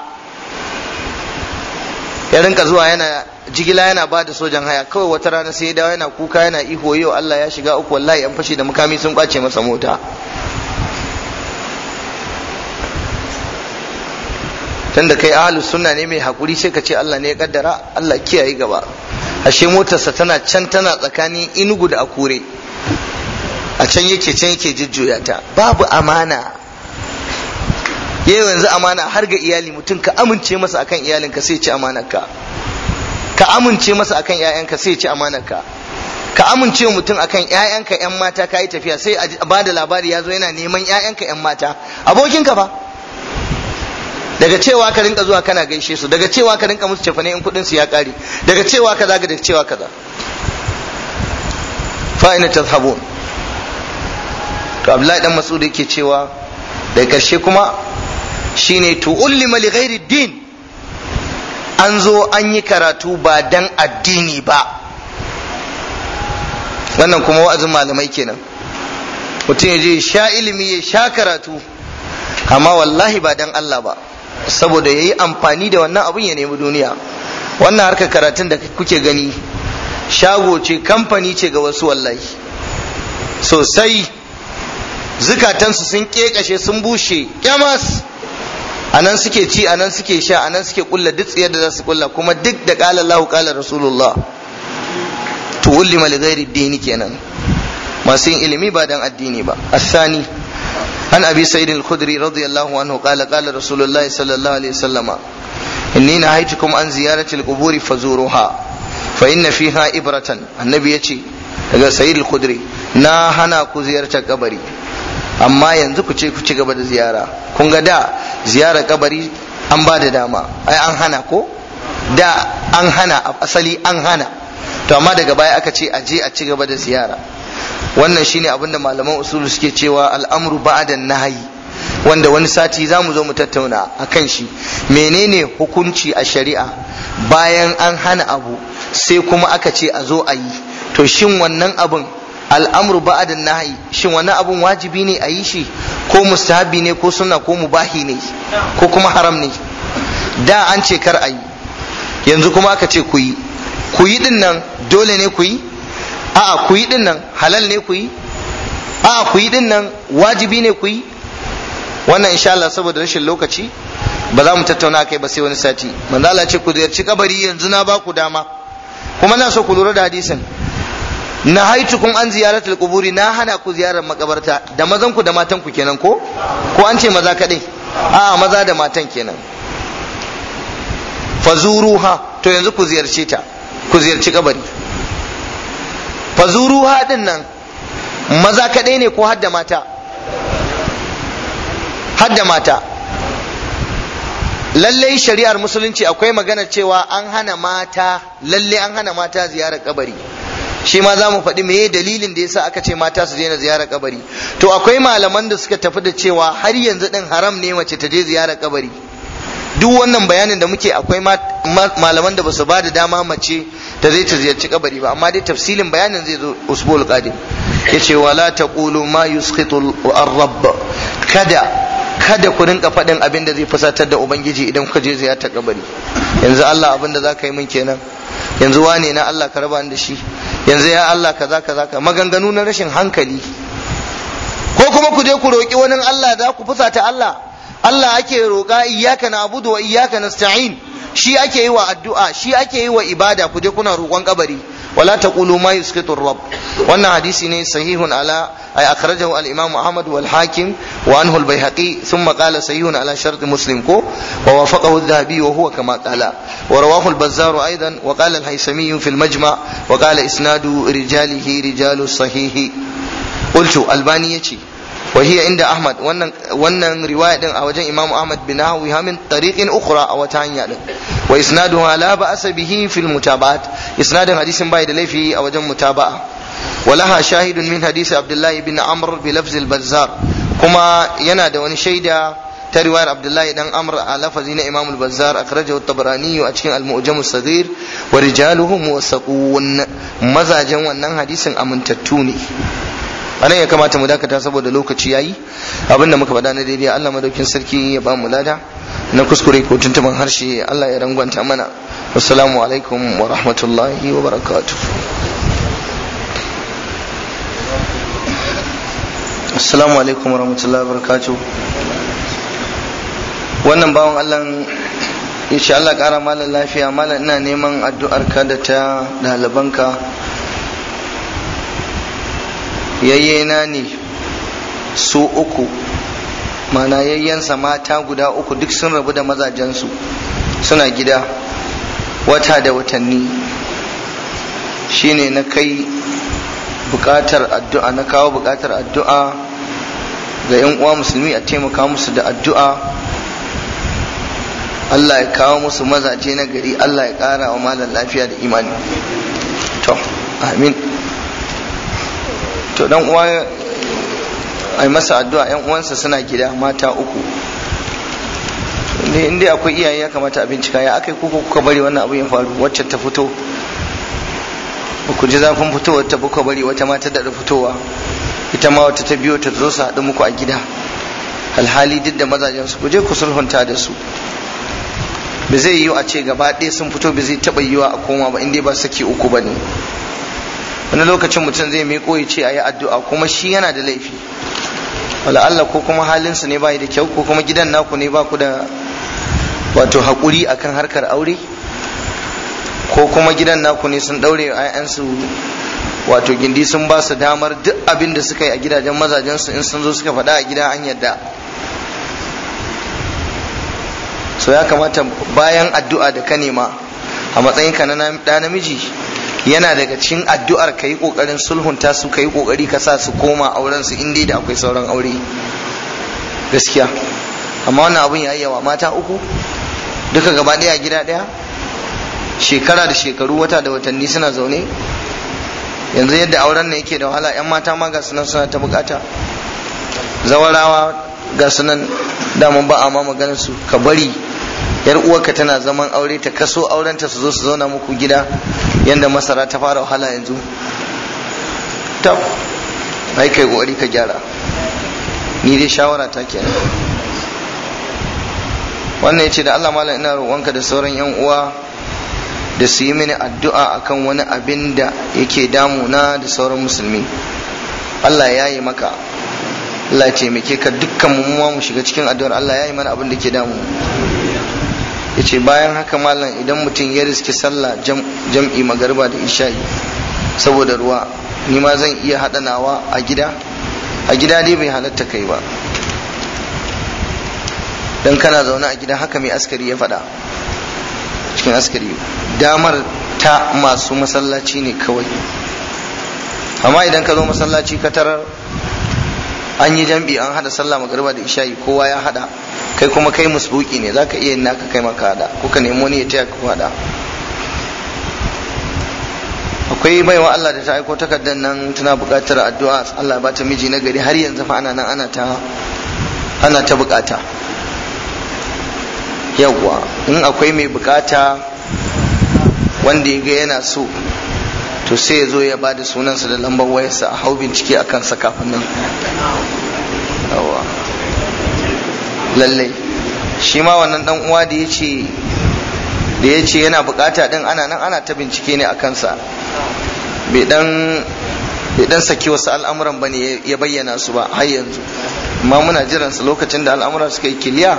ya rinka zuwa yana jigila yana bada sojan haya kawai wata rana sai ya dawo yana kuka yana iho yau Allah ya shiga uku wallahi an fashi da mukami sun kwace masa mota tunda kai ahlus sunna ne mai hakuri sai ka ce Allah ne ya kaddara Allah kiyaye gaba ashe motarsa tana can tana tsakanin inugu da akure a can yake can yake jujjuya ta babu amana yau yanzu amana har ga iyali mutum ka amince masa akan ka sai ci amanarka ka amince masa akan ka sai ci amanarka ka amince mutum akan ka ƴan mata ka yi tafiya sai a bada labari ya zo yana neman ka ƴan mata abokinka fa daga cewa ka rinka zuwa kana gaishe su daga cewa ka rinka musu cefane in kudin su ya kare daga cewa kaza ga daga cewa kaza fa ina tazhabun to abdullahi dan masudi yake cewa daga karshe kuma shine to ullima li ghairi din an zo an yi karatu ba dan addini ba wannan kuma wa'azin malamai kenan mutum ya je sha ilimi ya sha karatu amma wallahi ba dan Allah ba saboda ya yi amfani da wannan abun ya nemi duniya wannan harkar karatun da kuke gani shago ce kamfani ce ga wasu wallahi sosai zukatansu sun kekashe sun bushe kyamas anan suke ci anan suke sha anan suke kulla duk tsayar da za su kulla kuma duk da kala Allahu kala Rasulullah to ulima ghairi dini kenan masu yin ilimi ba dan addini ba asani عن أبي سعيد الخدري رضي الله عنه قال قال رسول الله صلى الله عليه وسلم إني نهيتكم عن زيارة القبور فزوروها فإن فيها إبرة النبي يتي daga sayid al-khudri na hana ku ziyartar kabari amma yanzu ku ce ku ci gaba da ziyara kun ga da ziyarar kabari an ba da dama ai an hana ko da an hana asali an hana to amma daga baya aka ce a je a ci gaba da ziyara wannan shine abinda malaman usulu suke cewa al'amru ba'dan nahyi wanda wani sati za mu zo mu tattauna a kan shi menene hukunci a shari'a bayan an hana abu sai kuma aka ce a zo a yi to shin wannan abin al'amru ba'dan nahyi shin wannan abin wajibi ne a yi shi ko mustahabi ne ko sunna ko mubahi ne ko kuma haram ne da an ce kar a yi yanzu kuma aka ce ku yi ku yi din nan dole ne ku yi a'a ku yi din nan halal ne ku yi a'a ku yi din nan wajibi ne ku yi wannan insha Allah saboda rashin lokaci ba za mu tattauna kai ba sai wani sati manzo Allah ce ku ziyarci kabari yanzu na ba ku dama kuma na so ku lura da hadisin na haitukum an ziyaratul quburi na hana ku ziyarar makabarta da mazan ku da matan ku kenan ko ko an ce maza kadai a'a maza da matan kenan fazuruha to yanzu ku ziyarce ta ku ziyarci kabari Fazuru haɗin nan maza kaɗai ne ko hadda mata hadda mata lallai shari'ar musulunci akwai magana cewa an hana mata lalle an hana mata ziyarar kabari shi ma za mu faɗi meye dalilin da yasa aka ce mata su daina ziyarar kabari to akwai malaman da suka tafi da cewa har yanzu ɗin haram ne mace ta je ziyarar kabari duk wannan bayanin da muke akwai malaman da basu ba da dama mace ta zai ta ziyarci kabari ba amma dai tafsilin bayanin zai zo usbul qadim yace wala taqulu ma yusqitu ar-rabb kada kada ku rinka faɗin abin da zai fusatar da ubangiji idan kuka je ziyarta kabari yanzu Allah abin da zaka yi min kenan yanzu wane na Allah ka raba da shi yanzu ya Allah kaza kaza ka maganganu na rashin hankali ko kuma ku je ku roki wani Allah za ku fusata Allah Allah ake roƙa iyyaka na'budu wa iyyaka nasta'in shi ake yi wa addu'a shi ake yi wa ibada ku je kuna roƙon kabari wala taqulu ma yusqitu rabb wannan hadisi ne sahihun ala ay akhrajahu al imam ahmad wal hakim wa anhu al baihaqi thumma qala sahihun ala shart muslim ko wa wafaqahu adh-dhahabi wa huwa kama qala wa rawahu al bazzar aidan wa qala al haysami fi al majma' wa qala isnadu rijalihi rijalu sahihi qultu albani yace wa hiya inda ahmad wannan riwaya din a wajen Imam ahmad bin hawi hamin tariqin ukhra a wata hanya din wa isnaduha la ba'sa bihi fil mutaba'at hadisin baya da laifi a wajen mutaba'a ولها شاهد من حديث عبد الله بن عمرو بلفظ البزار كما ينادى وني شيدا ترواية عبد الله بن عمرو على لفظين إمام البزار أخرجه الطبراني وأتشين المؤجم الصغير ورجاله موثقون ماذا جوا أن حديث أمن تتوني anan ya kamata mu dakata saboda lokaci yayi abinda muka faɗa na daidai Allah madaukin sarki ya ba mu lada na kuskure ko tuntuban harshe Allah ya rangwanta mana assalamu alaikum wa rahmatullahi wa barakatuh assalamu alaikum wa rahmatullahi wa barakatuh wannan bawon Allah ya ce Allah ƙara malam lafiya malam ina neman addu'arka da ta ɗalibanka yayyena ne su uku mana yayyensa mata guda uku duk sun rabu da mazajensu suna gida wata da watanni shine na kai bukatar addu'a na kawo bukatar addu'a ga 'yan uwa musulmi a taimaka musu da addu'a Allah ya kawo musu mazaje na gari Allah ya ƙara wa malar lafiya da imani to amin to dan uwa ai masa addu'a yan uwansa suna gida mata uku ne inda akwai iyaye ya kamata a bincika ya akai kuka kuka bari wannan abu ya faru wacce ta fito ku ji zafin fitowar ta kuka bari wata mata da fitowa ita ma wata ta biyo ta zo su haɗu muku a gida alhali duk da mazajen su kuje je ku sulhunta da su ba zai yiwu a ce gaba ɗaya sun fito ba zai taɓa yiwa a koma ba inda ba saki uku ba ne wani lokacin mutum zai miƙo ya ce a yi addu'a kuma shi yana da laifi wala Allah ko kuma halinsu ne bayi da kyau ko kuma gidan naku ne ba ku da wato haƙuri akan harkar aure ko kuma gidan naku ne sun ɗaure su wato gindi sun ba su damar duk abin da suka yi a gidajen mazajensu in sun zo suka faɗa a gida an yadda so ya kamata bayan addu'a da ka nema a matsayinka na namiji yana daga cikin addu'ar ka kokarin ƙoƙarin sulhunta su ka yi ka sa su koma auren su in da akwai sauran aure gaskiya amma wannan abun ya yawa mata uku duka gaba daya gida daya shekara da shekaru wata da watanni suna zaune yanzu yadda auren ne yake da wahala 'yan mata ma ga sunan suna ta bukata zawarawa ga sunan daman ba a ma maganar su ka bari yar uwarka tana zaman aure ta kaso aurenta su zo su zauna muku gida yanda masara ta fara wahala yanzu Ta ai kai kokari ka gyara ni dai shawara ta kenan wannan yace da Allah malam ina roƙonka da sauran yan uwa da su yi mini addu'a akan wani abin da yake damuna da sauran musulmi Allah ya yi maka Allah ya taimake ka dukkan mu mu shiga cikin addu'ar Allah ya yi mana abin da ke damu ya ce bayan haka malam idan mutum ya riski sallah jam'i magarba da isha'i saboda ruwa ni ma zan iya haɗa nawa a gida a gida dai bai halatta kai ba dan kana zaune a gida haka mai askari ya faɗa cikin askari damar ta masu masallaci ne kawai amma idan ka zo masallaci ka tarar an yi jam'i an hada sallah magariba da isha'i kowa ya hada kai kuma kai musbuki ne zaka iya yin naka kai maka hada kuka nemo ne ya taya ku hada akwai baiwa Allah da ta aiko takardar nan tana buƙatar addu'a Allah ya bata miji na gari har yanzu fa ana nan ana ta ana ta buƙata yawwa in akwai mai buƙata wanda ya ga yana so to sai ya zo ya ba da sunansa da lambar wayarsa a hau bincike a kansa kafin nan lallai shi ma wannan dan uwa da ya ce da ya ce yana bukata din ana nan ana ta bincike ne a kansa bai dan saki wasu al'amuran ba ne ya bayyana su ba har yanzu amma muna jiransa lokacin da al'amura suka yi kiliya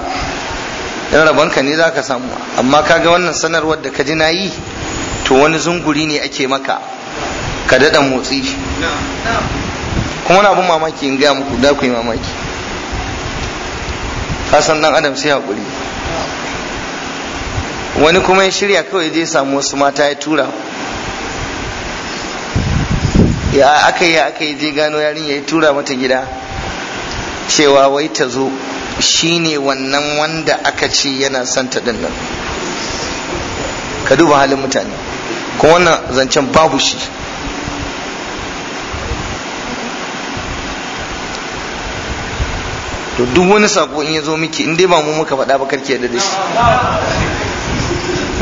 yan ne za ka samu amma kaga wannan sanarwar da ka ji na yi to wani zunguri ne ake maka ka daɗa motsi kuma abin mamaki in gaya muku da ku yi mamaki kasan dan adam sai hakuri. wani kuma ya shirya kawai zai samu wasu mata ya tura ya aka yi aka yi zai gano yarin ya tura mata gida cewa wai ta zo Shi ne wannan wanda aka ce yana son ta dinnan ka duba halin mutane kuma wannan zancen babu shi to duk wani sako in ya zo miki in dai ba mu muka faɗa ba karki yadda da shi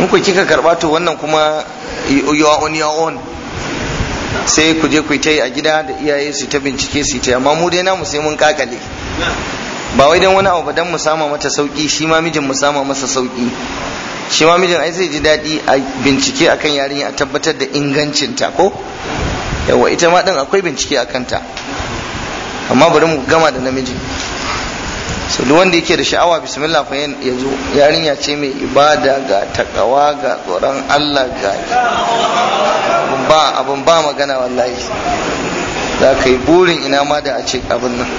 in ku kika karɓa to wannan kuma you are on your own sai ku je ku ta yi a gida da iyaye su ta bincike su ta amma mu dai namu sai mun kakale ba wai dan wani abu ba dan mu sama mata sauki shi ma mijin mu sama masa sauki shi ma mijin ai zai ji daɗi a bincike akan yarinya a tabbatar da ingancinta ko yawa ita ma dan akwai bincike akan ta amma bari mu gama da namiji so duk wanda yake da sha'awa bismillah fa ya zo yarinya ce mai ibada ga takawa ga tsoron Allah ga ba abun ba magana wallahi za ka yi burin ina ma da a ce abin nan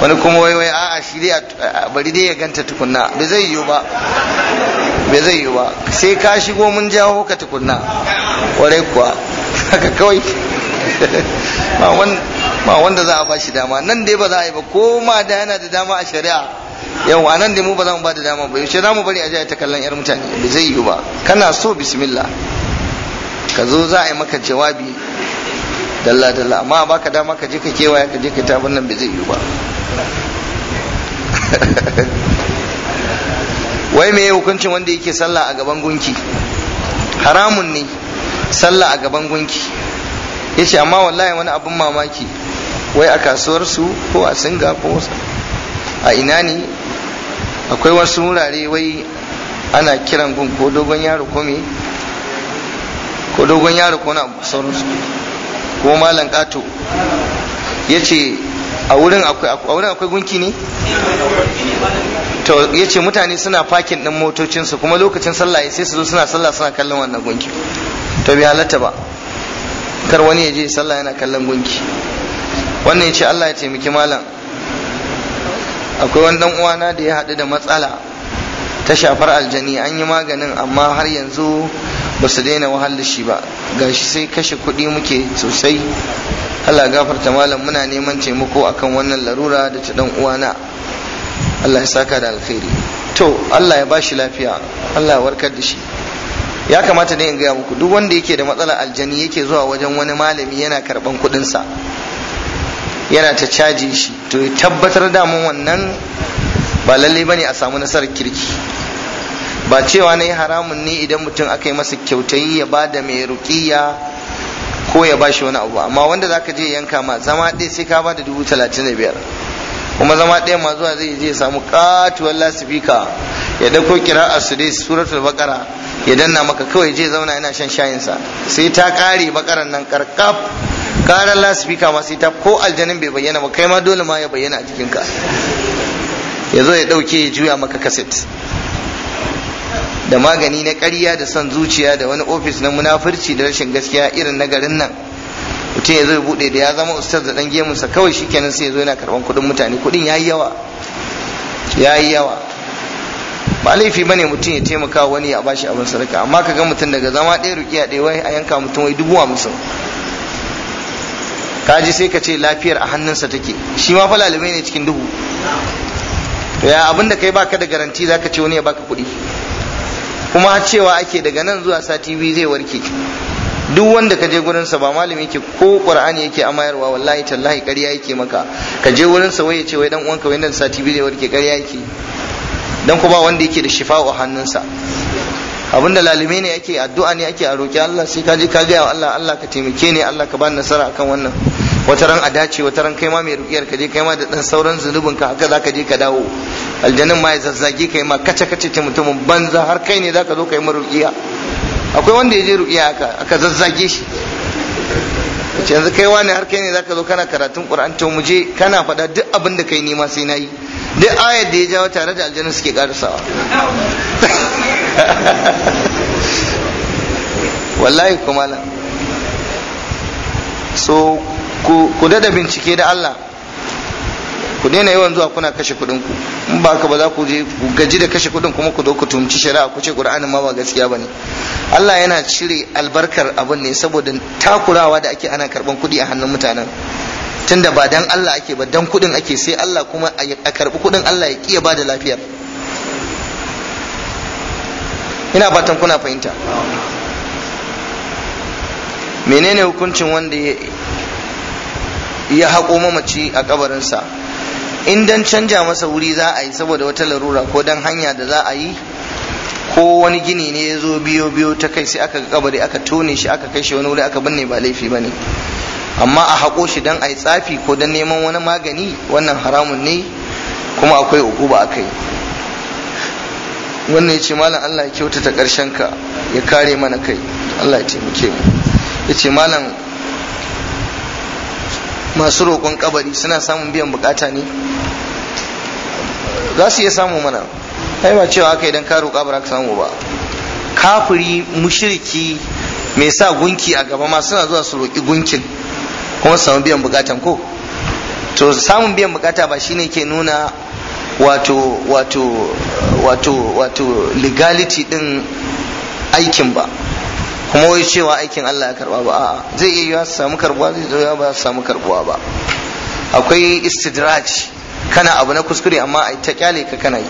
wani kuma wai wai a'a shi dai bari dai ya ganta tukunna bai zai yiwu ba bai zai yiwu ba sai ka shigo mun jawo ka tukunna kwarai kuwa haka kawai ba wanda za a ba shi dama nan dai ba za a yi ba ko ma da yana da dama a shari'a yau a nan dai mu ba za mu ba da dama ba yaushe za mu bari a ji ta kallon yar mutane ba zai yiwu ba kana so bismillah ka zo za a yi maka jawabi dalla dalla amma ba ka dama ka je ka kewaya ka je ka tabin nan ba zai yiwu ba wai me hukuncin wanda yake sallah a gaban gunki haramun ne sallah a gaban gunki yace amma wallahi wani abin mamaki wai a kasuwar su ko a singa ko a ina ne akwai wasu wurare wai ana kiran gun ko dogon yaro ko me ko dogon yaro ko na sauransu ko malam kato yace a wurin akwai gunki ne to yace mutane suna fakin din motocinsu kuma lokacin sallah sai su zo suna sallah suna kallon wannan gunki to bi halatta ba kar wani ya je sallah yana kallon gunki wannan ya ce Allah ya taimaki malam akwai wani dan uwana da ya haɗu da matsala ta shafar aljani an yi maganin amma har yanzu ba su daina wahal shi ba gashi sai kashe kuɗi muke sosai Allah gafarta malam muna neman taimako akan wannan larura da ta dan uwana Allah ya saka da alkhairi to Allah ya bashi lafiya Allah ya warkar da shi ya kamata ne in gaya muku duk wanda yake da matsalar aljani yake zuwa wajen wani malami yana karban kudinsa yana ta caji shi to ya tabbatar da mun wannan ba lalle bane a samu nasarar kirki ba cewa ne haramun ne idan mutum aka yi masa kyautai ya ba da mai rukiya ko ya ba shi wani abu amma wanda zaka je yanka ma zama ɗaya sai ka ba da dubu talatin da biyar kuma zama ɗaya ma zuwa zai je samu katuwar lasifika ya dauko kira a su dai suratul baqara ya danna maka kawai je zauna yana shan shayin sa sai ta kare bakaran nan karkaf karar lasifika ma sai ta ko aljanin bai bayyana ba kai ma dole ma ya bayyana a jikinka ya zo ya dauke ya juya maka kaset da magani na ƙarya da son zuciya da wani ofis na munafurci da rashin gaskiya irin na garin nan mutum ya zo ya buɗe da ya zama ustaz da dan gemunsa kawai shikenan sai ya zo yana karɓan kuɗin mutane kuɗin ya yawa ya yi yawa ba laifi bane mutum ya taimaka wani ya bashi abin sadaka amma ka ga mutum daga zama ɗaya rukiya ɗaya wai a yanka mutum wai dubu hamsin ji sai ka ce lafiyar a hannunsa take shi ma fa lalibai ne cikin duhu to ya abin da kai baka da garanti za ka ce wani ya baka kuɗi kuma cewa ake daga nan zuwa sati biyu zai warke duk wanda ka je gurinsa ba malami yake ko qur'ani yake amayarwa wallahi tallahi ƙarya yake maka ka je gurinsa wai ya ce wai dan uwanka wai nan sati biyu zai warke ƙarya yake dan kuma wanda yake da shifa a hannunsa abinda lalime ne yake addu'a ne ake a roki Allah sai kaje ka gaya wa Allah Allah ka taimake ni Allah ka bani nasara akan wannan wata ran a dace wata ran kai ma mai rukiyar ka je kai ma da dan sauran zunubin ka haka zaka je ka dawo aljannin ma ya zazzage kai ma kace kace ta mutumin banza har kai ne zaka zo kai ma rukiya akwai wanda ya je rukiya haka aka zazzage shi yanzu kai wani har kai ne zaka zo kana karatun Qur'an to mu je kana faɗa duk abin da kai nima sai nayi duk ayar da ya jawo tare da aljanu suke karasawa wallahi kuma la so ku dada bincike da Allah ku daina yawan zuwa kuna kashe kuɗin ku in ba ka ba za ku je ku gaji da kashe kuɗin kuma ku zo ku tumci shari'a ku ce qur'anin ma ba gaskiya bane Allah yana cire albarkar abin ne saboda takurawa da ake ana karban kuɗi a hannun mutanen tunda ba dan Allah ake ba dan kudin ake sai Allah kuma a karbi kudin Allah ya kiya bada lafiyar ina fatan kuna fahimta menene hukuncin wanda ya haƙo mamaci a kabarinsa in dan canja masa wuri za a yi saboda wata larura ko dan hanya da za a yi ko wani gini ne ya zo biyo biyo ta kai sai aka kabari aka tone shi aka kai shi wani wuri aka binne ba laifi ba ne amma a haƙo shi don a yi tsafi ko don neman wani magani wannan haramun ne kuma akwai ukuba a kai wannan ya ce malam Allah ya kyautata ƙarshen ka ya kare mana kai Allah ya taimake mu ya ce malam masu roƙon kabari suna samun biyan bukata ne za su iya samu mana ai ba cewa aka idan ka roƙa ba ka samu ba kafiri mushriki mai sa gunki a gaba ma suna zuwa su roƙi gunkin kuma su samu biyan bukatan ko to samun biyan bukata ba shine ke nuna wato wato wato wato legality din aikin ba kuma wai cewa aikin Allah ya karba ba a'a zai iya yiwa su samu karbuwa zai iya ba su samu karbuwa ba akwai istidraj kana abu na kuskure amma ai ta kyale ka kana yi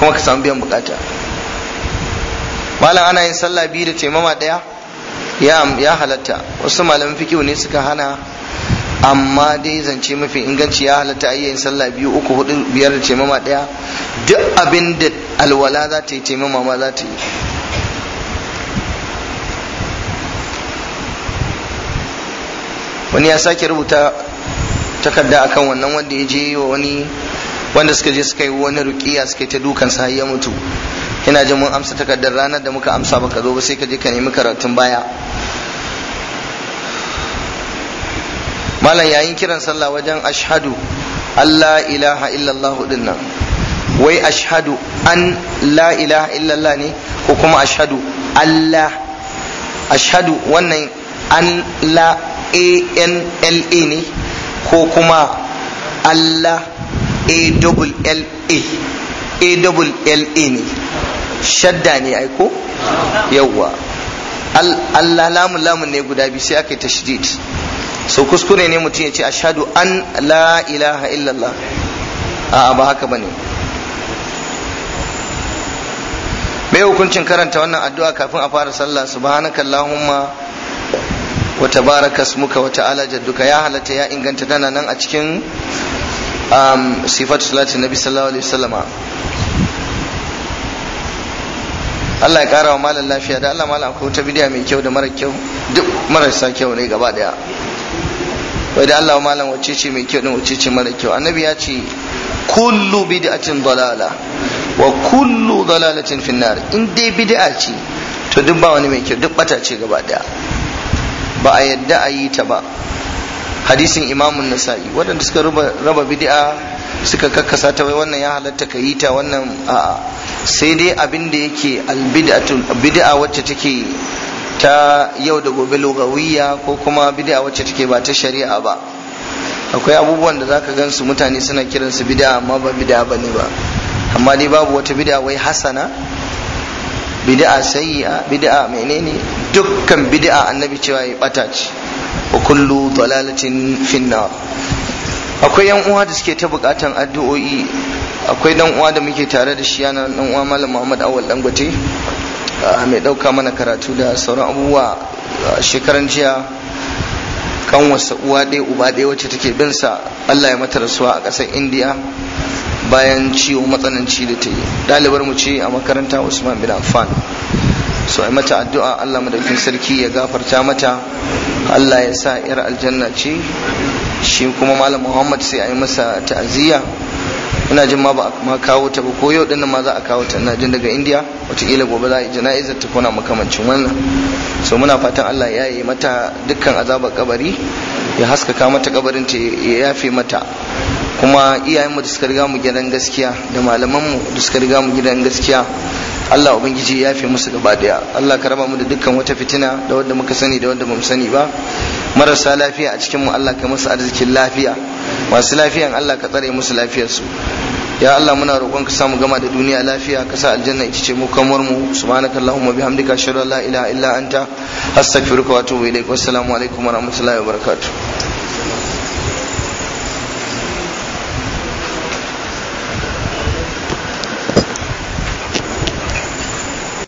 kuma ka samu biyan bukata malam ana yin sallah biyu da taimama daya ya halatta wasu malaman fikihu ne suka hana amma dai zance mafi inganci ya halatta yin sallah biyu uku hudu biyar da taimama daya duk abin da alwala za ta yi taimama ma za ta yi wani ya sake rubuta takarda akan wannan wanda ya je wani wanda suka je suka yi wani rukiya suka yi ta dukan sa ya mutu ina jin mun amsa takardar ranar da muka amsa baka zo ba sai ka je ka nemi karatun baya malam yayin kiran sallah wajen ashhadu Allah ilaha illallah din nan wai ashhadu an la ilaha illallah ne ko kuma ashhadu Allah ashhadu wannan an la a n l a ne ko kuma Allah a double l a a double l a ne shadda ne aiko yawwa Allah lamun lamun ne guda biyu sai aka yi tashdid so kuskure ne mutum ya ce shadu an la ilaha illallah a'a ba haka bane Mai hukuncin karanta wannan addu'a kafin a fara sallah subhanakallahumma wa tabaraka smuka wa ta'ala jadduka ya halatta ya inganta dana nan a cikin um, sifatu salatin nabi sallallahu alaihi wasallama Allah ya kara wa malam lafiya da Allah malam ko ta bidiya mai kyau da mara kyau duk marasa kyau ne gaba daya wai da Allah malam wacce ce mai kyau din wacce ce mara kyau annabi ya ce kullu bid'atin dalala wa kullu dalalatin nar in dai bid'a ce to duk ba wani mai kyau duk bata ce gaba daya ba a yadda a yi ta ba hadisin imamun nasa'i waɗanda suka raba bid'a suka kakkasa ta wai wannan ya halatta ka yi ta wannan a'a sai dai abin da yake albid'atul bid'a wacce take ta yau da gobe lugawiyya ko kuma bid'a wacce take ba ta shari'a ba akwai abubuwan da zaka su mutane suna kiran su bid'a amma ba bid'a bane ba amma dai babu wata bid'a wai hasana bid'a sayyi'a bid'a menene dukkan bid'a annabi cewa ya bata ce wa kullu dalalatin finna akwai yan uwa da suke ta bukatan addu'o'i akwai dan uwa da muke tare da shi yana dan uwa malam Muhammad Awal Dangote ah, mai dauka mana karatu da sauran abubuwa ah, shekaran jiya kan wasa uwa ɗaya uba ɗaya wacce take bin sa Allah ya mata rasuwa a ƙasar Indiya bayan ciwo matsananci da ta yi ɗalibar mu ce a makaranta Usman bin Affan so ai mata addu'a Allah madaukin sarki ya gafarta mata Allah ya sa 'yar aljanna ce shi kuma malam muhammad sai a yi masa ta'aziyya ina jin ma ba ma kawo ta ba ko yau din ma za a kawo ta ina jin daga indiya wataƙila gobe za a yi jana'izar ta kuna makamancin wannan so muna fatan allah ya yi mata dukkan azabar kabari ya haskaka mata kabarin ta ya yafe mata kuma iyayen mu suka riga mu gidan gaskiya da malamanmu da suka riga mu gidan gaskiya Allah ubangiji ya yafe musu gaba daya Allah ka raba mu da dukkan wata fitina da wanda muka sani da wanda bamu sani ba marasa lafiya a cikin mu Allah ka musu arzikin lafiya masu lafiyan Allah ka tsare musu su ya Allah muna roƙon ka samu gama da duniya lafiya ka sa aljanna ita ce mu kamar mu subhanaka allahumma bihamdika ashhadu an la ilaha illa anta astaghfiruka wa atubu ilaik assalamu alaikum wa rahmatullahi wa barakatuh